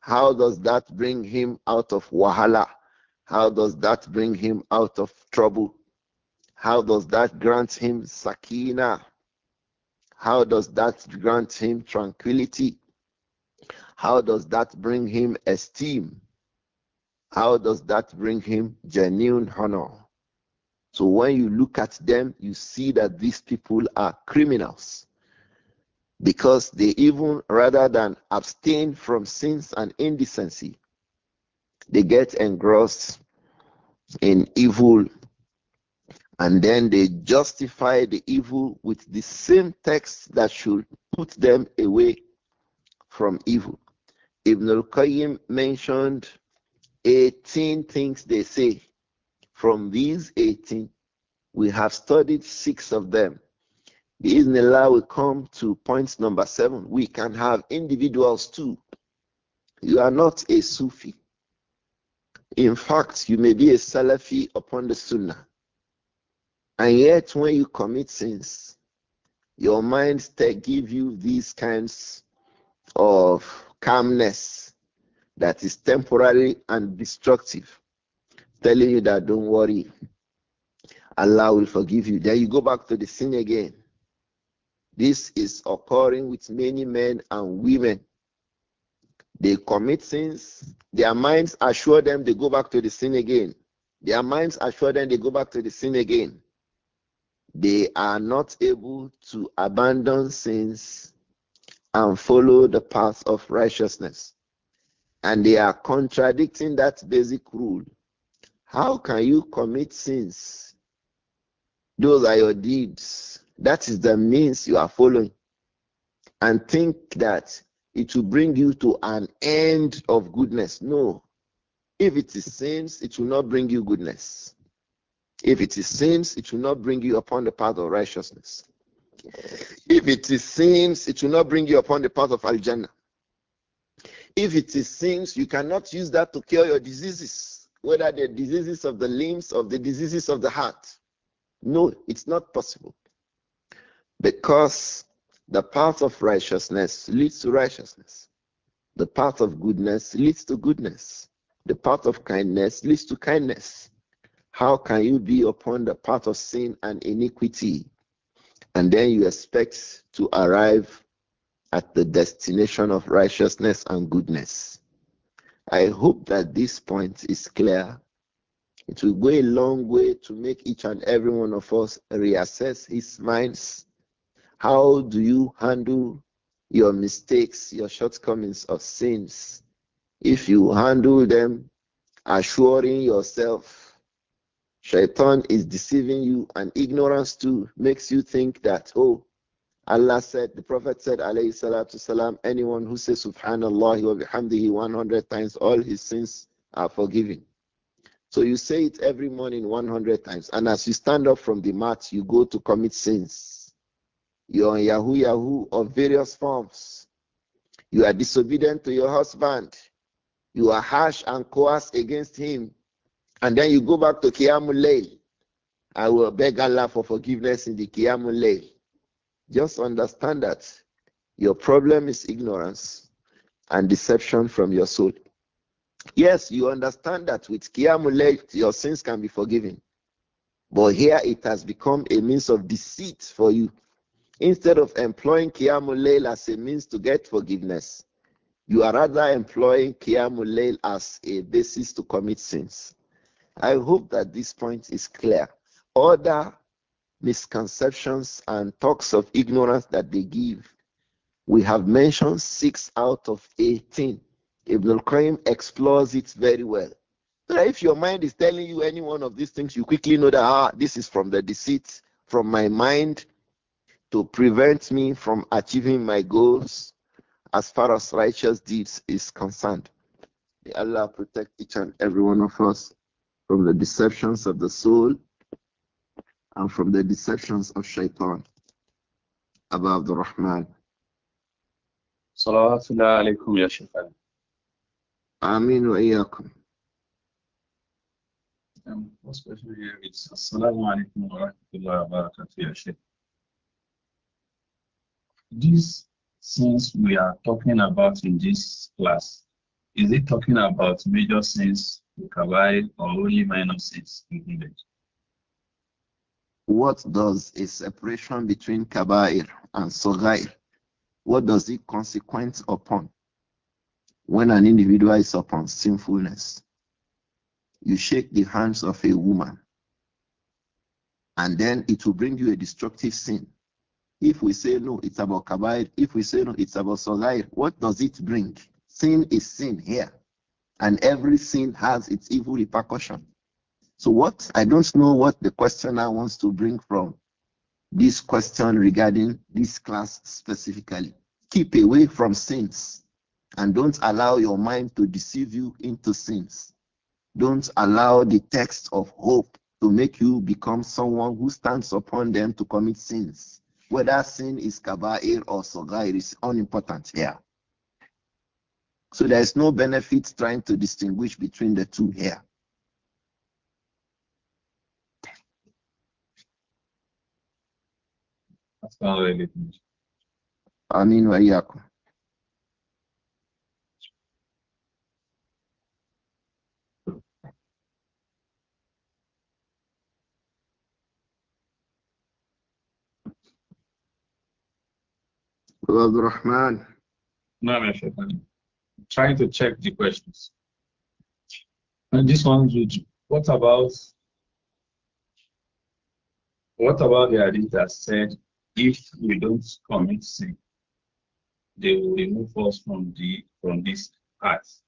How does that bring him out of wahala? How does that bring him out of trouble? How does that grant him sakina? How does that grant him tranquility? How does that bring him esteem? How does that bring him genuine honor? So when you look at them, you see that these people are criminals because they even rather than abstain from sins and indecency, they get engrossed in evil and then they justify the evil with the same text that should put them away from evil. Ibn al Qayyim mentioned 18 things they say. From these 18, we have studied six of them. Bismillah, we come to point number seven. We can have individuals too. You are not a Sufi. In fact, you may be a Salafi upon the Sunnah. And yet, when you commit sins, your mind give you these kinds of calmness that is temporary and destructive, telling you that don't worry, Allah will forgive you. Then you go back to the sin again. This is occurring with many men and women. They commit sins. Their minds assure them they go back to the sin again. Their minds assure them they go back to the sin again. They are not able to abandon sins and follow the path of righteousness. And they are contradicting that basic rule. How can you commit sins? Those are your deeds. That is the means you are following. And think that it will bring you to an end of goodness. No. If it is sins, it will not bring you goodness. If it is sins, it will not bring you upon the path of righteousness. If it is sins, it will not bring you upon the path of Al Jannah. If it is sins, you cannot use that to cure your diseases, whether the diseases of the limbs or the diseases of the heart. No, it's not possible. Because the path of righteousness leads to righteousness. The path of goodness leads to goodness. The path of kindness leads to kindness. How can you be upon the path of sin and iniquity and then you expect to arrive at the destination of righteousness and goodness? I hope that this point is clear. It will go a long way to make each and every one of us reassess his minds how do you handle your mistakes, your shortcomings or sins? If you handle them, assuring yourself, shaitan is deceiving you, and ignorance too makes you think that, oh, Allah said, the Prophet said, alayhi salatu salam, anyone who says subhanallah wa bihamdihi 100 times, all his sins are forgiven. So you say it every morning 100 times, and as you stand up from the mat, you go to commit sins. You're on Yahoo Yahoo on various forms. You are disobedient to your husband. You are harsh and coarse against him. And then you go back to Qiyamul I will beg Allah for forgiveness in the Qiyamul Just understand that your problem is ignorance and deception from your soul. Yes, you understand that with Qiyamul your sins can be forgiven. But here it has become a means of deceit for you. Instead of employing Qiyamul as a means to get forgiveness, you are rather employing Qiyamul as a basis to commit sins. I hope that this point is clear. Other misconceptions and talks of ignorance that they give, we have mentioned six out of 18. Ibn al-Qayyim explores it very well. if your mind is telling you any one of these things, you quickly know that ah, this is from the deceit, from my mind, to prevent me from achieving my goals as far as righteous deeds is concerned. May Allah protect each and every one of us from the deceptions of the soul and from the deceptions of shaitan. Abu Abdul Rahman. ya shaitan. Ameen wa iyakum. First question here is Assalamu alaikum wa rahmatullahi wa barakatuh ya shaitan. These sins we are talking about in this class, is it talking about major sins, kabai, or only minor sins included? What does a separation between kabair and sogair, what does it consequence upon? When an individual is upon sinfulness, you shake the hands of a woman, and then it will bring you a destructive sin. If we say no, it's about kabair. If we say no, it's about sagair. What does it bring? Sin is sin here. And every sin has its evil repercussion. So what I don't know what the questioner wants to bring from this question regarding this class specifically. Keep away from sins and don't allow your mind to deceive you into sins. Don't allow the text of hope to make you become someone who stands upon them to commit sins. Whether sin is kaba'ir or sogair is unimportant here. So there is no benefit trying to distinguish between the two here. I mean, Abdul Rahman. No, no, I'm trying to check the questions. And this one, what about what about the hadith that said if we don't commit sin, they will remove us from the from this earth?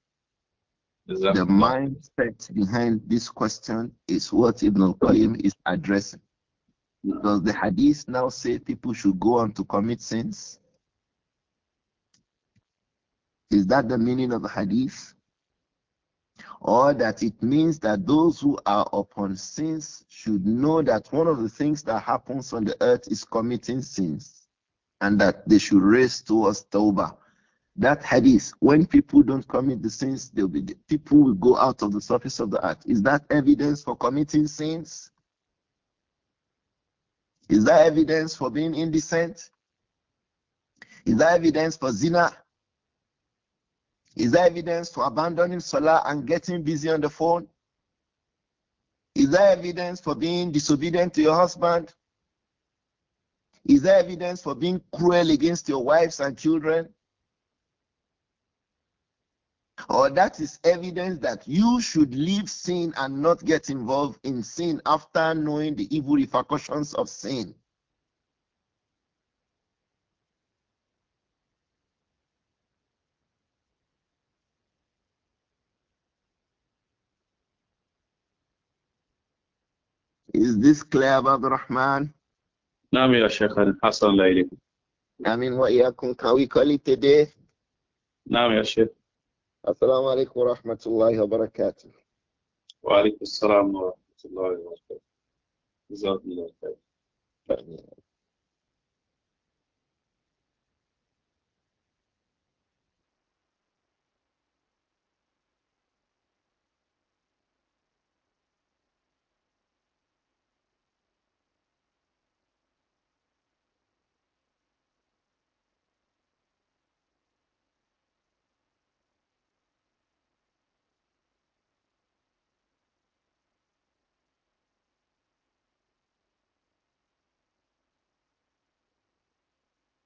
The mindset behind this question is what Ibn al-Qayyim is addressing. because the hadith now say people should go on to commit sins? Is that the meaning of the hadith? Or that it means that those who are upon sins should know that one of the things that happens on the earth is committing sins and that they should race towards Tawbah. That hadith, when people don't commit the sins, they'll be, people will go out of the surface of the earth. Is that evidence for committing sins? Is that evidence for being indecent? Is that evidence for zina? Is there evidence for abandoning Salah and getting busy on the phone? Is there evidence for being disobedient to your husband? Is there evidence for being cruel against your wives and children? Or that is evidence that you should leave sin and not get involved in sin after knowing the evil repercussions of sin. Is this clear, Abu Rahman? نعم يا شيخ حسن الله إليكم آمين وإياكم كوي كولي تدي نعم يا شيخ السلام عليكم ورحمة الله وبركاته وعليكم السلام ورحمة الله وبركاته جزاكم الله خير آمين